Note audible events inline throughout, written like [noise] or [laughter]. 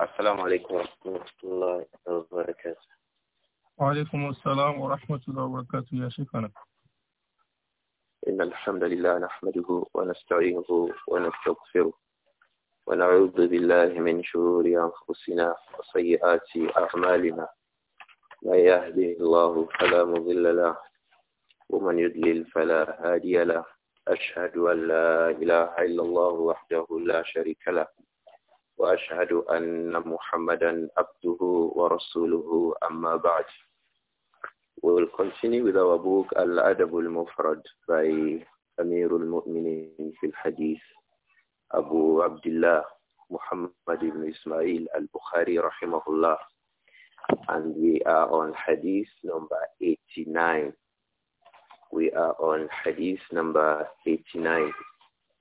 السلام عليكم ورحمة الله وبركاته وعليكم السلام ورحمة الله وبركاته يا شيخنا إن الحمد لله نحمده ونستعينه ونستغفره ونعوذ بالله من شرور أنفسنا وسيئات أعمالنا من يهده الله فلا مضل له ومن يضلل فلا هادي له أشهد أن لا إله إلا الله وحده لا شريك له وأشهد أن محمدا عبده ورسوله أما بعد We will continue with our book Al-Adab al-Mufrad by Amir al-Mu'minin في الحديث أبو عبد Muhammad ibn Ismail al-Bukhari rahimahullah and we are on hadith number 89 we are on hadith number 89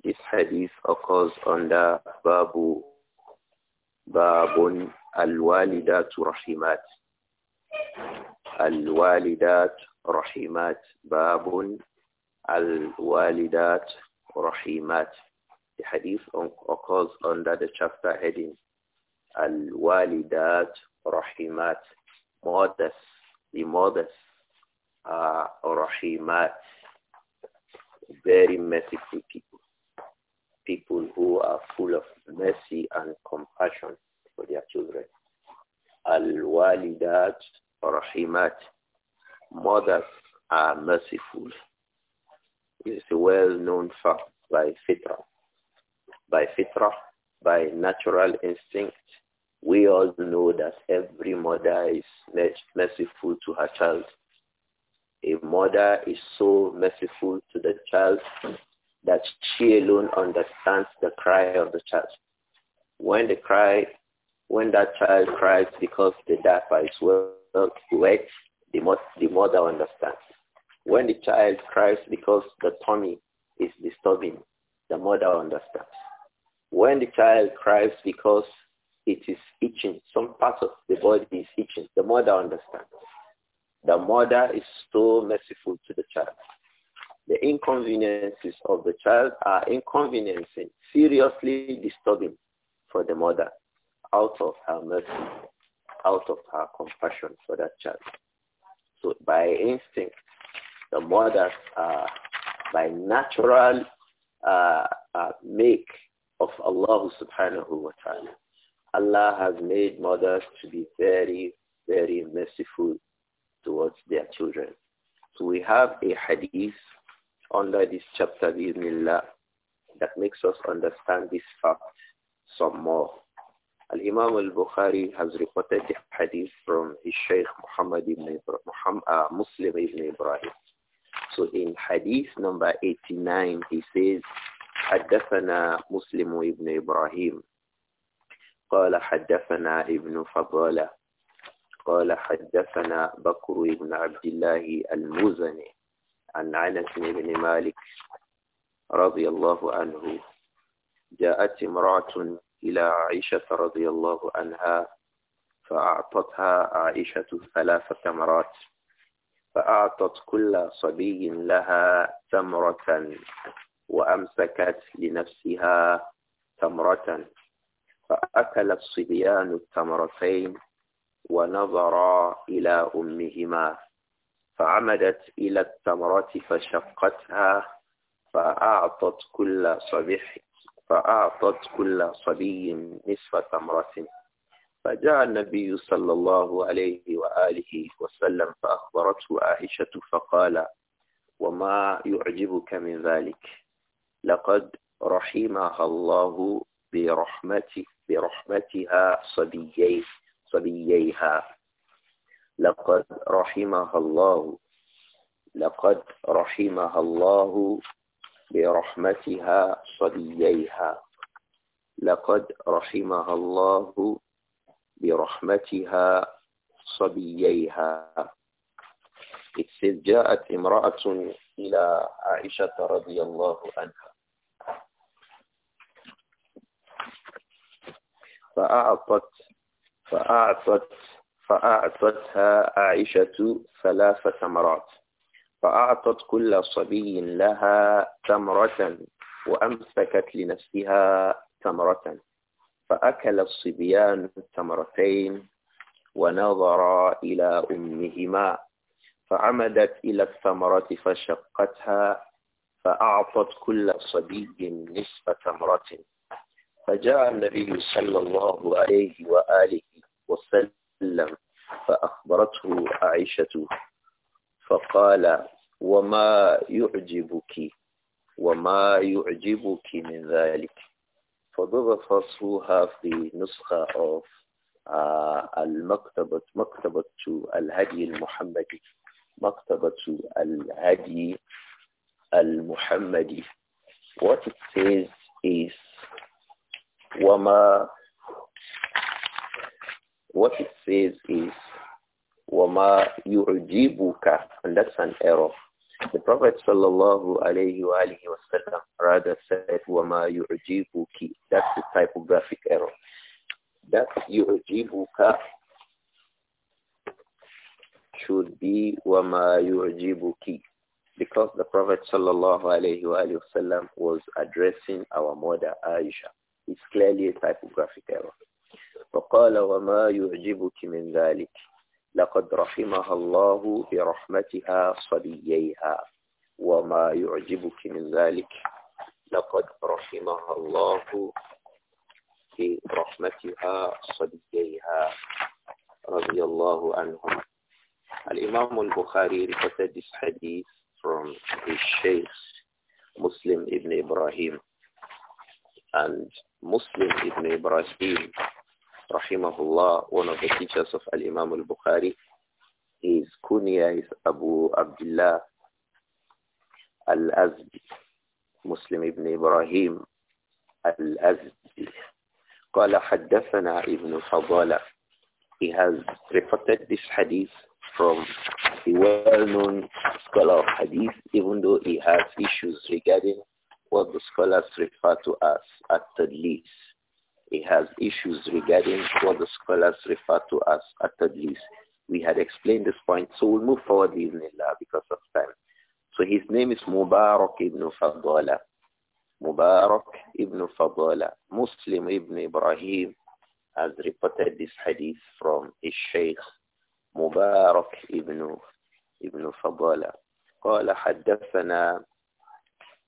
this hadith occurs under Babu باب الوالدات رحمات الوالدات رحمات باب الوالدات رحمات The hadith occurs under the chapter heading Al-Walidat Rahimat Mothers, the mothers are Rahimat, very merciful people people who are full of mercy and compassion for their children. Al-walidat rahimat. Mothers are merciful. It's a well-known fact by fitra. By fitra, by natural instinct, we all know that every mother is merciful to her child. A mother is so merciful to the child that she alone understands the cry of the child. When the cry, when that child cries because the diaper is wet, the, the mother understands. When the child cries because the tummy is disturbing, the mother understands. When the child cries because it is itching, some part of the body is itching, the mother understands. The mother is so merciful to the child the inconveniences of the child are inconveniencing, seriously disturbing for the mother out of her mercy, out of her compassion for that child. So by instinct, the mothers are uh, by natural uh, uh, make of Allah subhanahu wa ta'ala. Allah has made mothers to be very, very merciful towards their children. So we have a hadith under this chapter, that makes us understand this fact some more. Al-Imam al-Bukhari has reported the hadith from his Shaykh Muhammad ibn Muhammad, uh, Muslim ibn Ibrahim. So in hadith number 89, he says, حدثنا مسلم ابن إبراهيم قال حدثنا ابن فضالة قال حدثنا بكر بن عبد الله المزني عن عنس بن مالك رضي الله عنه جاءت امرأة إلى عائشة رضي الله عنها فأعطتها عائشة ثلاث تمرات فأعطت كل صبي لها تمرة وأمسكت لنفسها تمرة فأكل الصبيان التمرتين ونظرا إلى أمهما فعمدت إلى التمرة فشقتها فأعطت كل صبيح فأعطت كل صبي نصف تمرة فجاء النبي صلى الله عليه وآله وسلم فأخبرته عائشة فقال وما يعجبك من ذلك لقد رحمها الله برحمتي برحمتها صبيي صبييها لقد رحمها الله لقد رحمها الله برحمتها صبييها لقد رحمها الله برحمتها صبييها إذ جاءت امرأة إلى عائشة رضي الله عنها فأعطت فأعطت فأعطتها عائشة ثلاث تمرات فأعطت كل صبي لها تمرة وأمسكت لنفسها تمرة فأكل الصبيان التمرتين ونظرا إلى أمهما فعمدت إلى الثمرة فشقتها فأعطت كل صبي نصف تمرة فجاء النبي صلى الله عليه وآله وسلم فأخبرته عائشة فقال وما يعجبك وما يعجبك من ذلك for those في نسخة of آه، المكتبة مكتبة الهدي المحمدي مكتبة الهدي المحمدي what it says is وما What it says is, وَمَا يُعْجِبُكَ And that's an error. The Prophet sallallahu alayhi wa alihi wasallam rather said, وَمَا يُعْجِبُكِ That's the typographic error. That يُعْجِبُكَ should be وَمَا يُعْجِبُكِ because the Prophet sallallahu alayhi wa wasallam was addressing our mother Aisha. It's clearly a typographic error. فقال وما يعجبك من ذلك لقد رحمها الله برحمتها صبييها وما يعجبك من ذلك لقد رحمها الله برحمتها صبييها رضي الله عنهم الإمام البخاري reported this hadith from his Shaykh Muslim ibn Ibrahim and Muslim ibn Ibrahim rahimahullah, one of the teachers of Al-Imam al-Bukhari. His kunya is Abu Abdullah al-Azdi, Muslim ibn Ibrahim al-Azdi. قال حدثنا ابن فضالة He has reported this hadith from a well-known scholar of hadith, even though he has issues regarding what the scholars refer to as at least he has issues regarding what the scholars refer to as atadlis. We had explained this point, so we'll move forward Allah because of time. So his name is Mubarak ibn Fadala. Mubarak ibn Fadala, Muslim ibn Ibrahim, has reported this hadith from his sheikh Mubarak ibn ibn فضالة قال حدثنا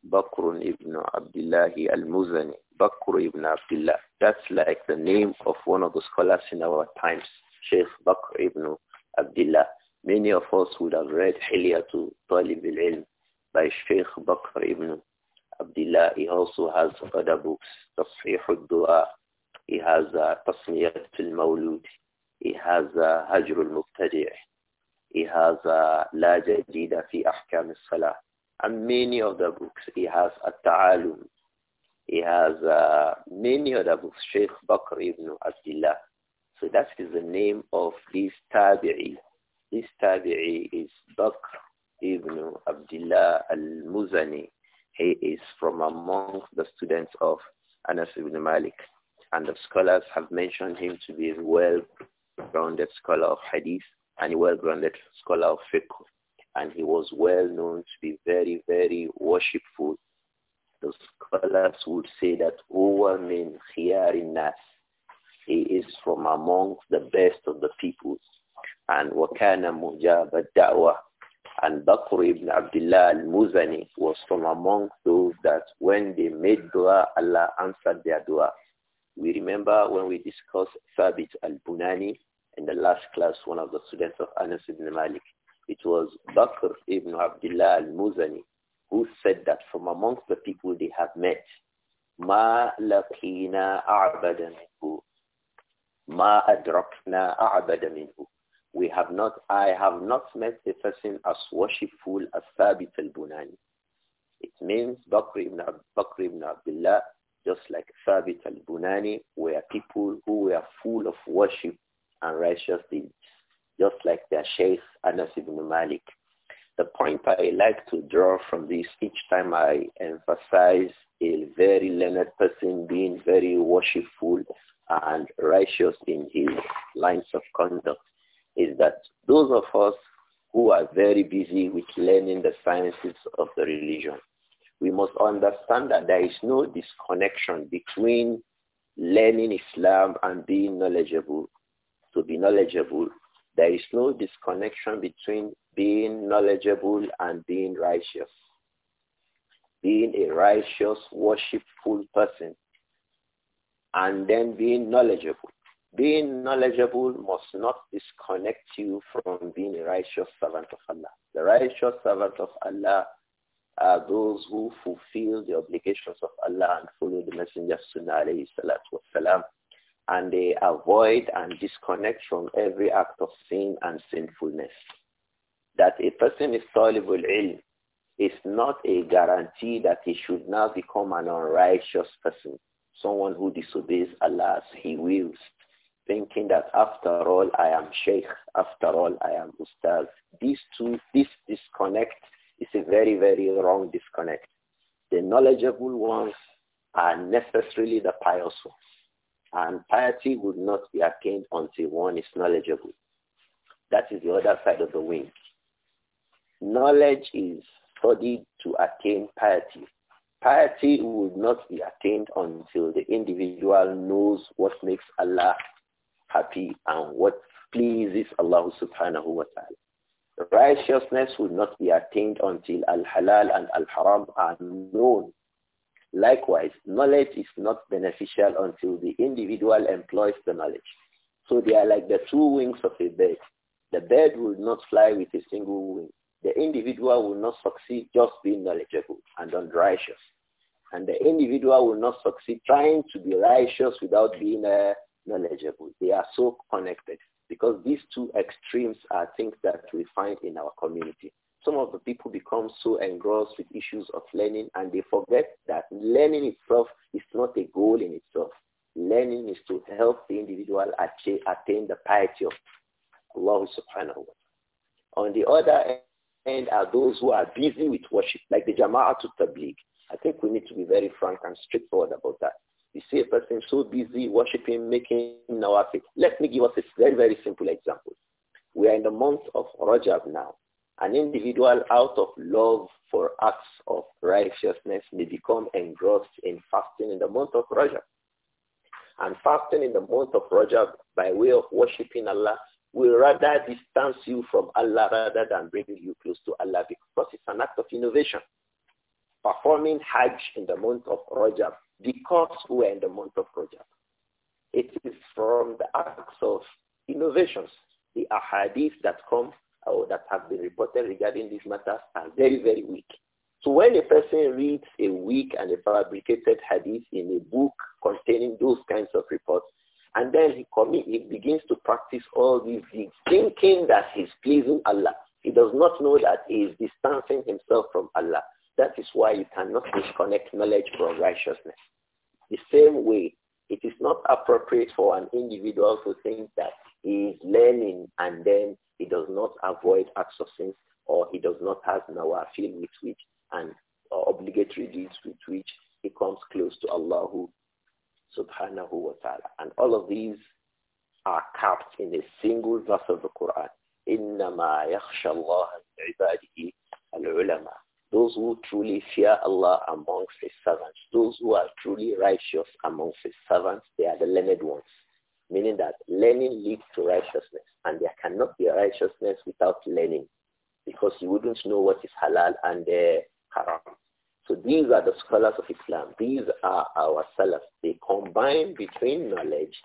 بكر ابن عبد الله المزني Bakr ibn Abdullah. That's like the name of one of the scholars in our times, Sheikh Bakr ibn Abdullah. Many of us would have read Hilyatu Talib al-Ilm by Sheikh Bakr ibn Abdullah. He also has other books, Tafsih al-Dua. He has uh, Tasmiyat al-Mawlud. He has uh, Hajr al-Mubtadi'. He has uh, La Jadida fi Ahkam al-Salah. And many of the books. He has At-Ta'alum, he has uh, many other books, Sheikh Bakr ibn Abdullah. So that is the name of this tabi'i. This tabi'i is Bakr ibn Abdullah al-Muzani. He is from among the students of Anas ibn Malik. And the scholars have mentioned him to be a well-grounded scholar of hadith and a well-grounded scholar of fiqh. And he was well known to be very, very worshipful. The scholars would say that means here in us, He is from among the best of the people. And Wakana Mujab da'wa. And Bakr ibn Abdullah al-Muzani was from among those that when they made dua, Allah answered their dua. We remember when we discussed Thabit al-Bunani in the last class, one of the students of Anas ibn Malik. It was Bakr ibn Abdullah al-Muzani who said that from amongst the people they have met, Ma لقينا أعبد minhu, ma أدركنا أعبد minhu. We have not, I have not met a person as worshipful as Thabit al-Bunani. It means Bakr ibn, Bakr ibn Abdullah, just like Thabit al-Bunani, were people who were full of worship and righteous deeds, just like their Sheikh Anas ibn Malik, the point I like to draw from this each time I emphasize a very learned person being very worshipful and righteous in his lines of conduct is that those of us who are very busy with learning the sciences of the religion, we must understand that there is no disconnection between learning Islam and being knowledgeable. To be knowledgeable there is no disconnection between being knowledgeable and being righteous. Being a righteous, worshipful person and then being knowledgeable. Being knowledgeable must not disconnect you from being a righteous servant of Allah. The righteous servant of Allah are those who fulfill the obligations of Allah and follow the Messenger of Sunnah alayhi salatu wasalam and they avoid and disconnect from every act of sin and sinfulness. That a person is soluble ill is not a guarantee that he should now become an unrighteous person, someone who disobeys Allah's he wills, thinking that after all I am sheikh, after all I am ustaz. These two, this disconnect is a very, very wrong disconnect. The knowledgeable ones are necessarily the pious ones and piety would not be attained until one is knowledgeable. That is the other side of the wing. Knowledge is studied to attain piety. Piety would not be attained until the individual knows what makes Allah happy and what pleases Allah subhanahu wa ta'ala. Righteousness would not be attained until al-halal and al-haram are known Likewise, knowledge is not beneficial until the individual employs the knowledge. So they are like the two wings of a bird. The bird will not fly with a single wing. The individual will not succeed just being knowledgeable and unrighteous. And the individual will not succeed trying to be righteous without being uh, knowledgeable. They are so connected because these two extremes are things that we find in our community. Some of the people become so engrossed with issues of learning and they forget that learning itself is not a goal in itself. Learning is to help the individual achieve, attain the piety of Allah subhanahu wa ta'ala. On the other end are those who are busy with worship, like the Jama'atul Tabligh. I think we need to be very frank and straightforward about that. You see a person so busy worshiping, making nawafil. Let me give us a very, very simple example. We are in the month of Rajab now. An individual out of love for acts of righteousness may become engrossed in fasting in the month of Rajab. And fasting in the month of Rajab by way of worshipping Allah will rather distance you from Allah rather than bringing you close to Allah because it's an act of innovation. Performing Hajj in the month of Rajab because we're in the month of Rajab. It is from the acts of innovations, the ahadith that come or uh, that have been reported regarding these matters are very, very weak. So when a person reads a weak and a fabricated hadith in a book containing those kinds of reports, and then he, commit, he begins to practice all these things, thinking that he's pleasing Allah. He does not know that he is distancing himself from Allah. That is why you cannot disconnect knowledge from righteousness. The same way, it is not appropriate for an individual to think that he is learning and then he does not avoid acts of sins or he does not have nawafil with which and obligatory deeds with which he comes close to Allah subhanahu wa ta'ala. And all of these are capped in a single verse of the Quran. إنما يخشى الله من عباده العلماء those who truly fear Allah amongst his servants, those who are truly righteous amongst his servants, they are the learned ones. Meaning that learning leads to righteousness. And there cannot be righteousness without learning. Because you wouldn't know what is halal and uh, haram. So these are the scholars of Islam. These are our salaf. They combine between knowledge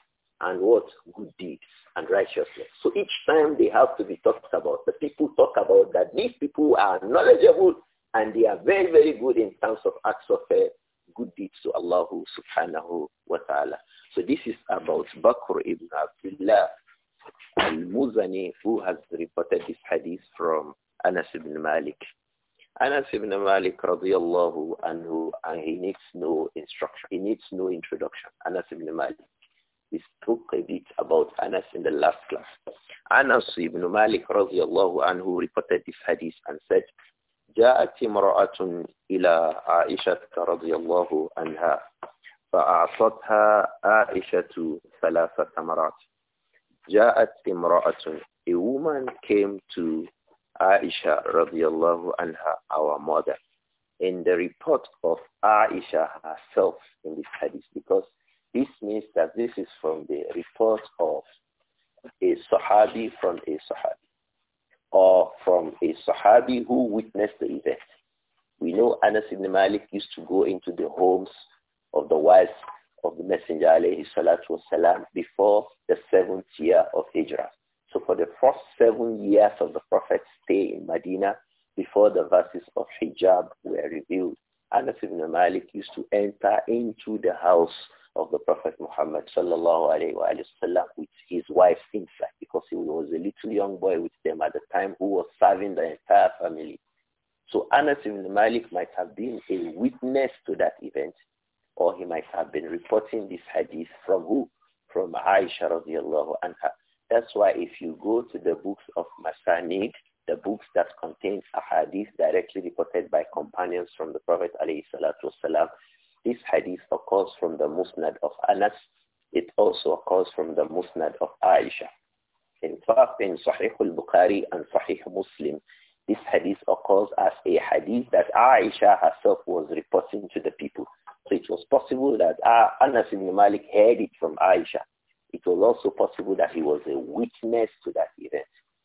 and what? Good deeds and righteousness. So each time they have to be talked about. The people talk about that these people are knowledgeable and they are very, very good in terms of acts of uh, good deeds to Allah subhanahu wa ta'ala. So this is about Bakr ibn Abdullah al-Muzani who has reported this hadith from Anas ibn Malik. Anas ibn Malik radiallahu anhu, and he needs no instruction. He needs no introduction. Anas ibn Malik. We spoke a bit about Anas in the last class. Anas ibn Malik radiallahu anhu reported this hadith and said, جاءت امرأة إلى عائشة رضي الله عنها فأعطتها عائشة ثلاث تمرات. جاءت امرأة a woman came to Aisha radiallahu anha our mother in the report of Aisha herself in this hadith because this means that this is from the report of a Sahabi from a Sahabi or from a Sahabi who witnessed the event. We know Anas ibn Malik used to go into the homes of the wives of the Messenger alayhi salatu wasalam before the seventh year of Hijrah. So for the first seven years of the Prophet's stay in Medina, before the verses of hijab were revealed, Anas ibn Malik used to enter into the house of the Prophet Muhammad sallallahu alayhi wa sallam with his wife Sinfa because he was a little young boy with them at the time who was serving the entire family. So Anas ibn Malik might have been a witness to that event or he might have been reporting this hadith from who? From Aisha radiallahu anha. That's why if you go to the books of Masanid, the books that contain a hadith directly reported by companions from the Prophet alayhi salatu wasalam, this hadith occurs from the Musnad of Anas. It also occurs from the Musnad of Aisha. In fact, in Sahih al-Bukhari and Sahih Muslim, this hadith occurs as a hadith that Aisha herself was reporting to the people. So it was possible that ah, Anas ibn Malik heard it from Aisha. It was also possible that he was a witness to that event.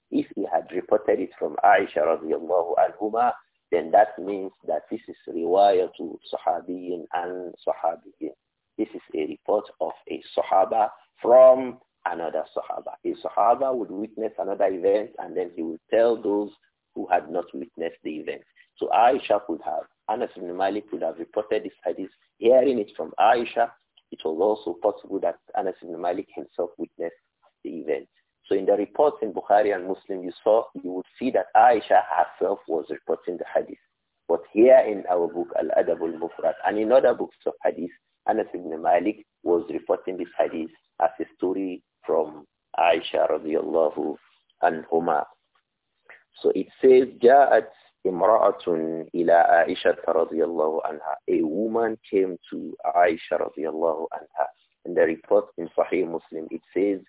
If he had reported it from Aisha radiallahu anhuma, then that means that this is to sahabiyin and sahabiyin. This is a report of a sahaba from another sahaba. A sahaba would witness another event and then he would tell those who had not witnessed the event. So Aisha could have, Anas ibn Malik could have reported this hadith. Hearing it from Aisha, it was also possible that Anas ibn Malik himself in the reports in Bukhari and Muslim, you saw, you would see that Aisha herself was reporting the hadith. But here in our book, Al-Adab al-Mufrad, and in other books of hadith, Anas ibn Malik was reporting this hadith as a story from Aisha radiallahu anhuma. So it says, جاءت إلى عائشة رضي الله عنها. A woman came to Aisha الله عنها. In the report in Sahih Muslim, it says,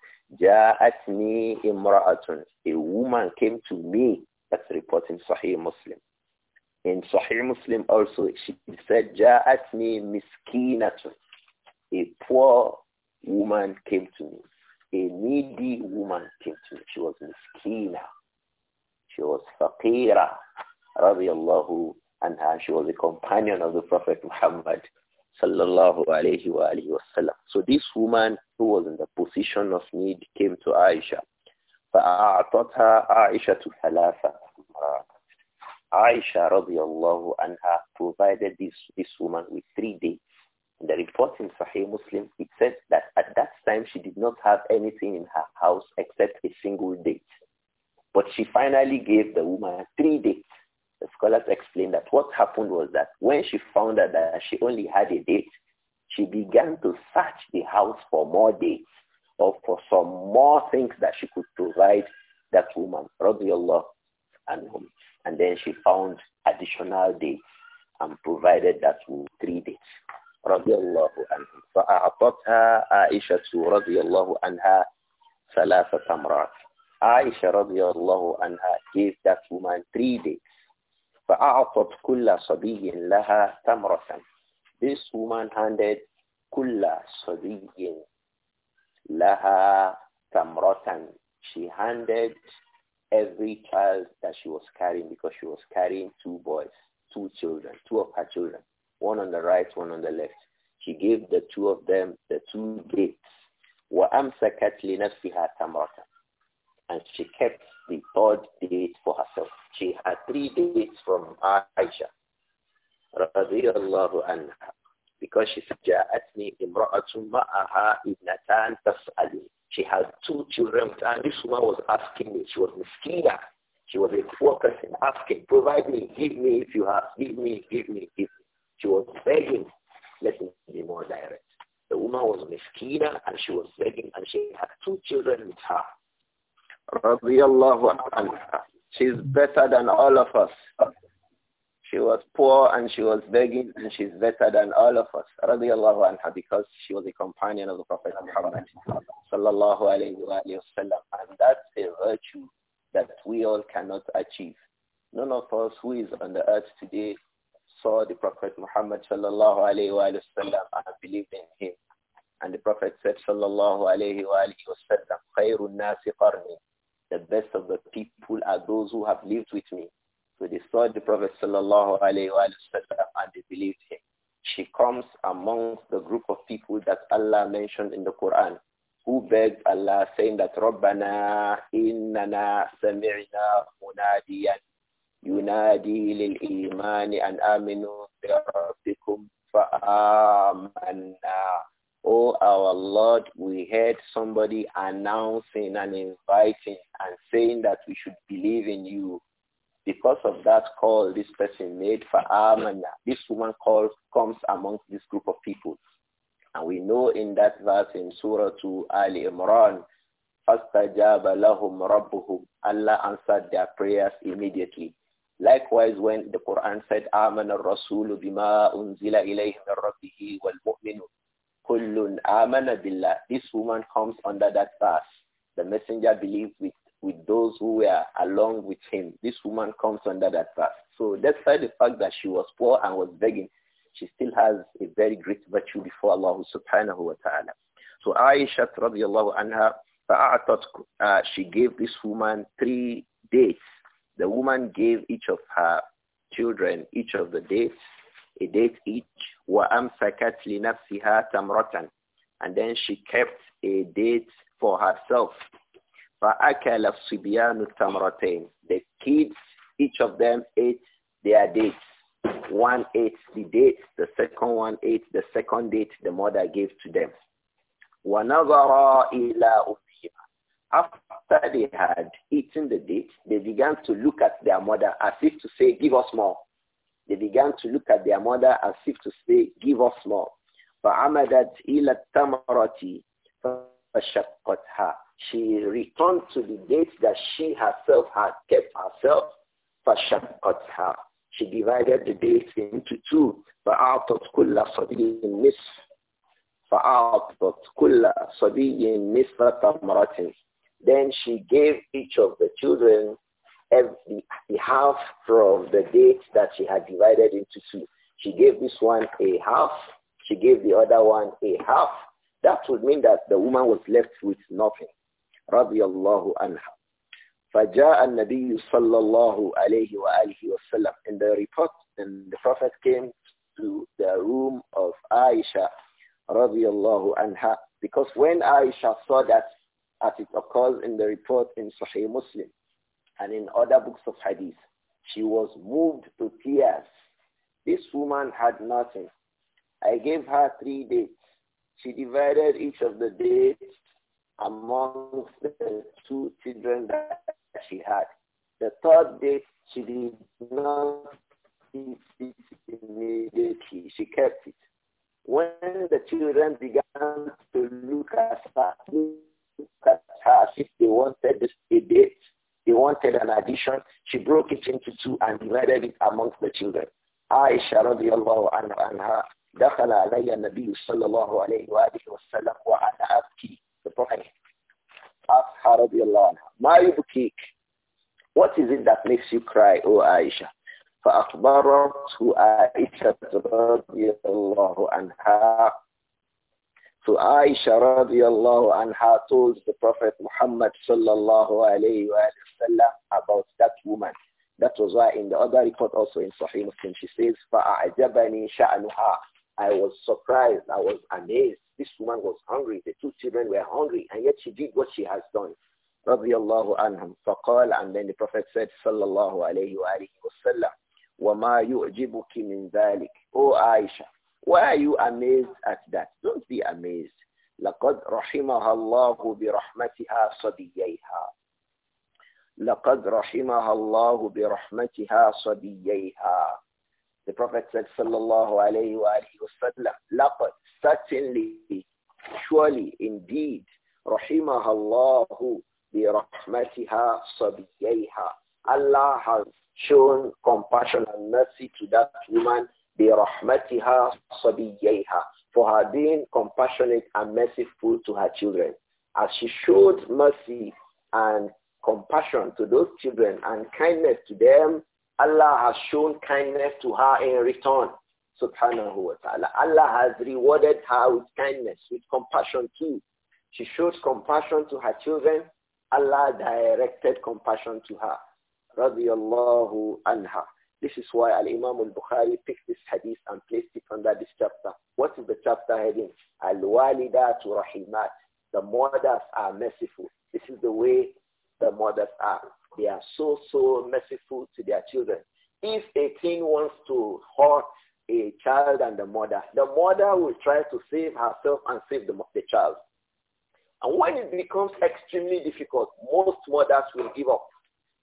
Ja'atni imra'atun. A woman came to me. That's reporting Sahih Muslim. In Sahih Muslim also, she said, Ja'atni miskinatun. A poor woman came to me. A needy woman came to me. She was miskina. She was faqira. Radiallahu anha. She was a companion of the Prophet Muhammad sallallahu alayhi wa So this woman who was in the position of need came to Aisha. فأعطتها عائشة ثلاثة Aisha الله عنها provided this, this woman with three dates. In the report in Sahih Muslim, it says that at that time she did not have anything in her house except a single date. But she finally gave the woman three dates. The scholars explain that what happened was that when she found out that she only had a date, she began to search the house for more dates or for some more things that she could provide that woman, radiallahu anhum. And then she found additional dates and provided that woman three dates. Radiallahu anhum. فأعطتها عائشة رضي الله عنها ثلاثة تمرات. عَائِشَةَ Aisha اللَّهُ anha gave that woman three dates. فأعطت كل صبي لها تمرة. This woman handed كل صبي Laha Samrotan. She handed every child that she was carrying because she was carrying two boys, two children, two of her children, one on the right, one on the left. She gave the two of them the two dates. And she kept the third date for herself. She had three dates from Aisha. رَضِيَ اللَّهُ عَنْهَا because she said, Ja'atni imra'atun ma'aha ibnatan tas'ali. She had two children and this woman was asking me. She was miskina. She was a poor person asking, provide me, give me if you have, give me, give me, give me. She was begging. Let me be more direct. The woman was miskina and she was begging and she had two children with her. الله عنها. She's better than all of us. She was poor and she was begging and she's better than all of us, radiallahu anha, because she was a companion of the Prophet Muhammad, sallallahu alayhi wa And that's a virtue that we all cannot achieve. None of us who is on the earth today saw the Prophet Muhammad, sallallahu alayhi wa and believed in him. And the Prophet said, sallallahu alayhi wa sallam, خَيْرُ النَّاسِ قَرْنِي The best of the people are those who have lived with me. So they saw the Prophet sallallahu alaihi wasallam and they believed him. She comes amongst the group of people that Allah mentioned in the Quran who begged Allah saying that Rabbana innana sami'na munadiyan yunadi lil imani an aminu bi rabbikum fa amanna. Oh our Lord, we heard somebody announcing and inviting and saying that we should believe in you because of that call this person made for Amana, this woman call comes amongst this group of people. And we know in that verse in Surah to Ali Imran, فَاسْتَجَابَ لَهُمْ رَبُّهُمْ Allah answered their prayers immediately. Likewise, when the Quran said, آمن الرسول بما أنزل إليه من ربه والمؤمنون كل آمن بالله. This woman comes under that verse. The messenger believes with with those who were along with him. This woman comes under that verse. So despite the fact that she was poor and was begging, she still has a very great virtue before Allah subhanahu wa ta'ala. So Aisha radiallahu anha, uh, she gave this woman three dates. The woman gave each of her children each of the dates, a date each. وَأَمْسَكَتْ لِنَفْسِهَا تَمْرَةً And then she kept a date for herself, فَأَكَلَ الصِّبْيَانُ التَّمْرَتَيْنِ The kids, each of them ate their dates. One ate the date, the second one ate the second date the mother gave to them. وَنَظَرَا إِلَىٰ أُمِّهِمَا After they had eaten the date, they began to look at their mother as if to say, give us more. They began to look at their mother as if to say, give us more. فَعَمَدَتْ إِلَى التَّمْرَةِ فَشَقَّتْهَا she returned to the date that she herself had kept herself, فَشَقَّتْهَا She divided the date into two. فَأَعْطَتْ كُلَّ صَبِيٍّ نِصْفٍ فَأَعْطَتْ كُلَّ صَبِيٍّ نِصْفَ تَمْرَةٍ Then she gave each of the children every, the half from the date that she had divided into two. She gave this one a half. She gave the other one a half. That would mean that the woman was left with nothing. رضي الله عنها فجاء النبي صلى الله عليه وآله وسلم in the report and the prophet came to the room of Aisha رضي الله عنها because when Aisha saw that as it occurs in the report in Sahih Muslim and in other books of hadith she was moved to tears this woman had nothing I gave her three dates she divided each of the dates amongst the two children that she had. The third day, she did not eat it immediately. She kept it. When the children began to look at her, look at her if they wanted a date, they wanted an addition, she broke it into two and divided it amongst the children. Aisha radiallahu anha, دخل علي النبي صلى الله عليه وآله وسلم وأنا أبكي the Prophet asked her, What is it that makes you cry, O Aisha? فأخبرته عائشة رضي الله عنها So Aisha اللَّهُ anha told the Prophet Muhammad صلى الله عليه وسلم about that woman. That was why in the other report also in Sahih Muslim she says, فَأَعْجَبَنِي شَأْنُهَا I was surprised. I was amazed. This woman was hungry. The two children were hungry, and yet she did what she has done. Radiallahu anhum. فقال, and then the Prophet said, sallallahu اللَّهُ wa alihi وَسَلَّمَ وَمَا يُعْجِبُكِ مِنْ ذَلِكِ O Aisha, why are you amazed at that? Don't be amazed. لَقَدْ رَحِمَهَا اللَّهُ بِرَحْمَتِهَا صَدِيَّيْهَا لقد رحمها الله برحمتها صبييها the Prophet said, sallallahu alayhi Wasallam." Certainly, surely, indeed, رَحِمَهَا bi rahmatiha صَبِيَّيْهَا Allah has shown compassion and mercy to that woman rahmatiha صَبِيَّيْهَا for her being compassionate and merciful to her children. As she showed mercy and compassion to those children and kindness to them, Allah has shown kindness to her in return. Subhanahu wa ta'ala. Allah has rewarded her with kindness, with compassion too. She shows compassion to her children. Allah directed compassion to her. Radiallahu anha. This is why Al-Imam al-Bukhari picked this hadith and placed it under this chapter. What is the chapter heading? Al-Walidatu Rahimat. The mothers are merciful. This is the way the mothers are. They are so, so merciful to their children. If a teen wants to hurt a child and the mother, the mother will try to save herself and save the, the child. And when it becomes extremely difficult, most mothers will give up.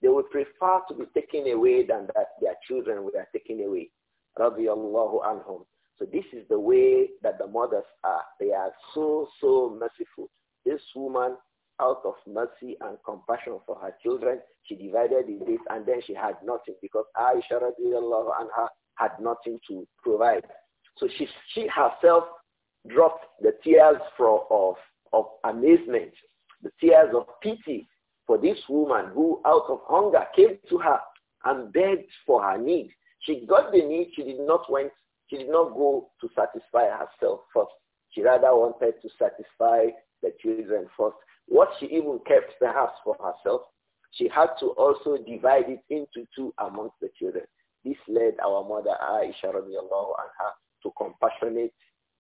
They will prefer to be taken away than that their children were taken away. Radiallahu anhum. So this is the way that the mothers are. They are so, so merciful. This woman out of mercy and compassion for her children, she divided the dates and then she had nothing because Aisha radiallahu anha had nothing to provide. So she, she herself dropped the tears for, of, of amazement, the tears of pity for this woman who out of hunger came to her and begged for her need. She got the need, she did not went, she did not go to satisfy herself first. She rather wanted to satisfy the children first what she even kept perhaps for herself, she had to also divide it into two amongst the children. This led our mother Aisha radiallahu anha to compassionate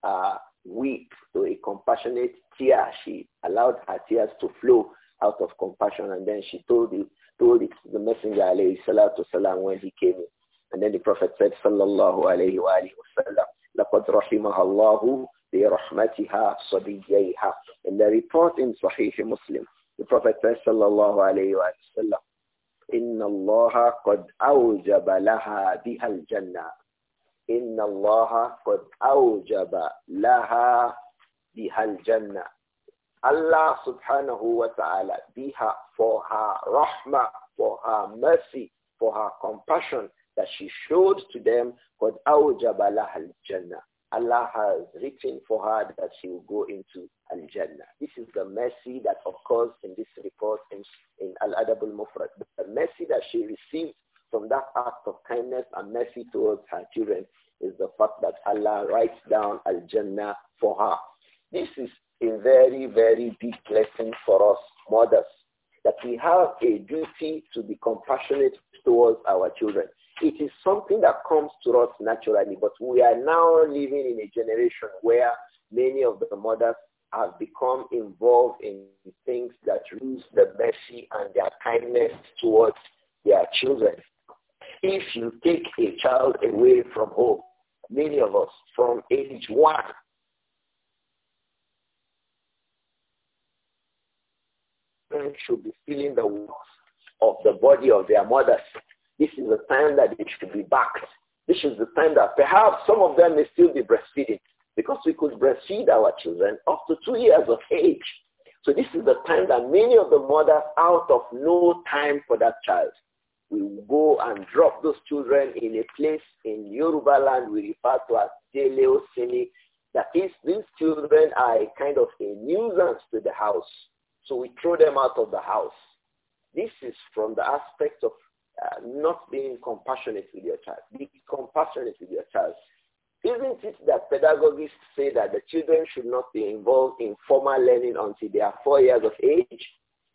uh, weep, to a compassionate tear. She allowed her tears to flow out of compassion and then she told it, told it to the messenger alayhi salatu salam when he came in. And then the Prophet said, sallallahu alayhi wa alayhi wa sallam, اللَّهُ برحمتها صبييها. In the report in Sahih Muslim, the Prophet says, sallallahu alayhi wa sallam, إن الله قد أوجب لها بها الجنة. إن الله قد أوجب لها بها الجنة. Allah subhanahu wa ta'ala biha for her rahmah, for her mercy, for her compassion that she showed to them, قد أوجب لها الجنة. Allah has written for her that she will go into Al-Jannah. This is the mercy that occurs in this report in, in Al-Adab al-Mufrad. The mercy that she received from that act of kindness and mercy towards her children is the fact that Allah writes down Al-Jannah for her. This is a very, very big lesson for us mothers, that we have a duty to be compassionate towards our children. It is something that comes to us naturally, but we are now living in a generation where many of the mothers have become involved in things that lose the mercy and their kindness towards their children. If you take a child away from home, many of us from age one, should be feeling the warmth of the body of their mothers this is the time that it should be backed. This is the time that perhaps some of them may still be breastfeeding because we could breastfeed our children up to two years of age. So this is the time that many of the mothers, out of no time for that child, will go and drop those children in a place in Yoruba land we refer to as Teleosini. That is, these children are kind of a nuisance to the house. So we throw them out of the house. This is from the aspect of uh, not being compassionate with your child. Be compassionate with your child. Isn't it that pedagogists say that the children should not be involved in formal learning until they are four years of age?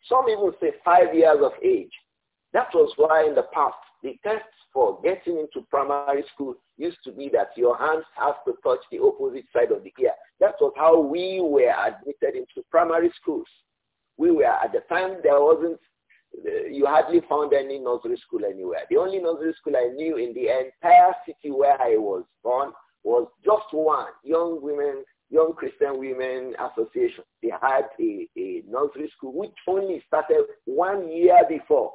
Some even say five years of age. That was why in the past, the tests for getting into primary school used to be that your hands have to touch the opposite side of the ear. That was how we were admitted into primary schools. We were, at the time, there wasn't you hardly found any nursery school anywhere. The only nursery school I knew in the entire city where I was born was just one, Young Women, Young Christian Women Association. They had a, a nursery school which only started one year before.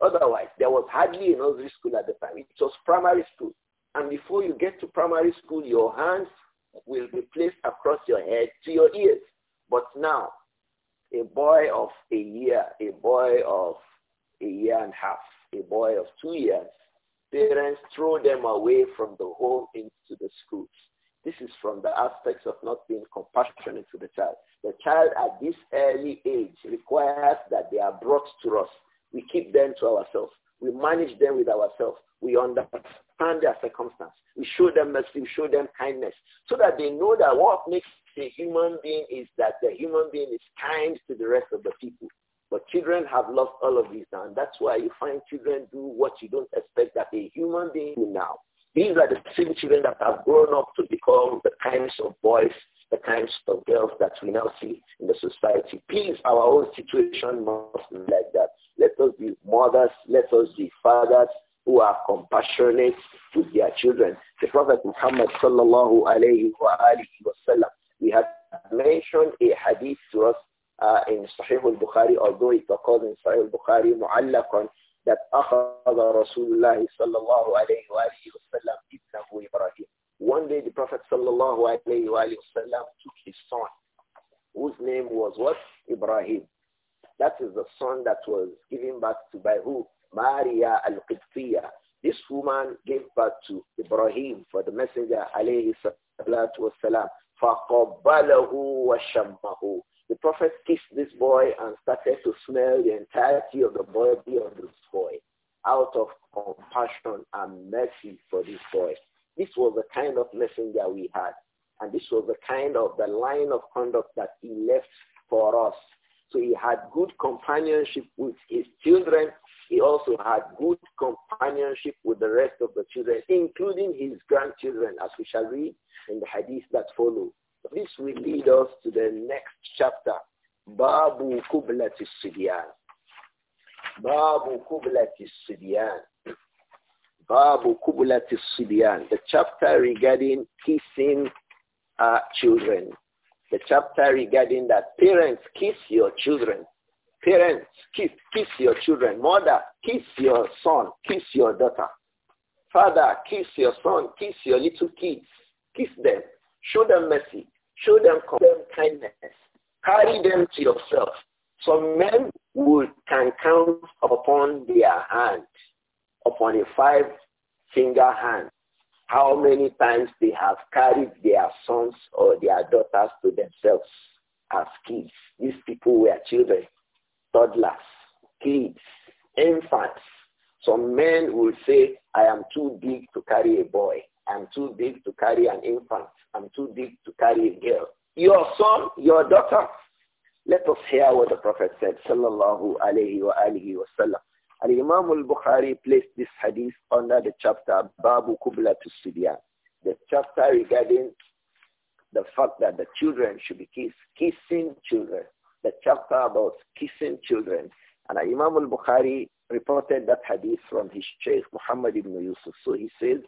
Otherwise, there was hardly a nursery school at the time. It was primary school. And before you get to primary school, your hands will be placed across your head to your ears. But now, a boy of a year, a boy of a year and a half, a boy of two years, parents throw them away from the home into the schools. This is from the aspects of not being compassionate to the child. The child at this early age requires that they are brought to us. We keep them to ourselves. We manage them with ourselves. We understand their circumstance. We show them mercy. We show them kindness so that they know that what makes a human being is that the human being is kind to the rest of the people. But children have lost all of this now, and that's why you find children do what you don't expect that a human being do now. These are the same children that have grown up to become the kinds of boys, the kinds of girls that we now see in the society. Please, our own situation must be like that. Let us be mothers, let us be fathers who are compassionate with their children. The Prophet Muhammad sallallahu alayhi wa alihi wa sallam, we have mentioned a hadith to us uh, in Sahih al-Bukhari, although it occurs in Sahih al-Bukhari, mu'allaqan, that أخذ رسول الله صلى الله عليه وآله وسلم ابنه إبراهيم. One day the Prophet صلى الله عليه وآله وسلم took his son, whose name was what? Ibrahim. That is the son that was given birth to by who? Maria al-Qibtiyah. This woman gave birth to Ibrahim for the messenger alayhi salatu wasalam. فَقَبَّلَهُ وَشَمَّهُ The Prophet kissed this boy and started to smell the entirety of the body of this boy out of compassion and mercy for this boy. This was the kind of messenger we had. And this was the kind of the line of conduct that he left for us so he had good companionship with his children. He also had good companionship with the rest of the children, including his grandchildren, as we shall read in the hadith that follow. This will lead us to the next chapter, Babu Kublati Sidiyan. Babu Kublati Sidiyan. Babu Kublati Sidiyan. The chapter regarding kissing uh, children, the chapter regarding that parents kiss your children. Parents kiss, kiss your children. Mother, kiss your son, kiss your daughter. Father, kiss your son, kiss your little kids. Kiss them. Show them mercy. Show them kindness. Carry them to yourself. Some men would, can count upon their hand, upon a five-finger hand how many times they have carried their sons or their daughters to themselves as kids. These people were children, toddlers, kids, infants. Some men will say, I am too big to carry a boy. I'm too big to carry an infant. I'm too big to carry a girl. Your son, your daughter. Let us hear what the Prophet said, sallallahu alayhi wa alihi wa sallam imam al-Bukhari placed this hadith under the chapter Babu Kubla to Sibyan, the chapter regarding the fact that the children should be kissed, kissing children, the chapter about kissing children. And Imam al-Bukhari reported that hadith from his Shaykh Muhammad ibn Yusuf. So he says,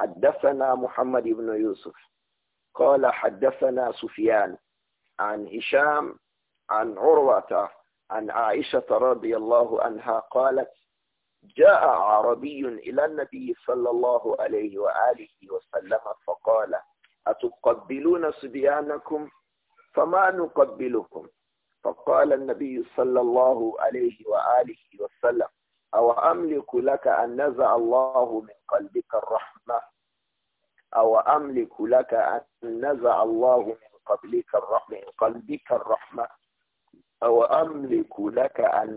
حدثنا محمد ibn Yusuf. قال حدثنا سفيان عن هشام عن عروة عن عائشة رضي الله عنها قالت جاء عربي إلى النبي صلى الله عليه وآله وسلم فقال أتقبلون صبيانكم فما نقبلكم فقال النبي صلى الله عليه وآله وسلم أو أملك لك أن نزع الله من قلبك الرحمة أو أملك لك أن نزع الله من قبلك الرحمة من قلبك الرحمة أو أملك لك أن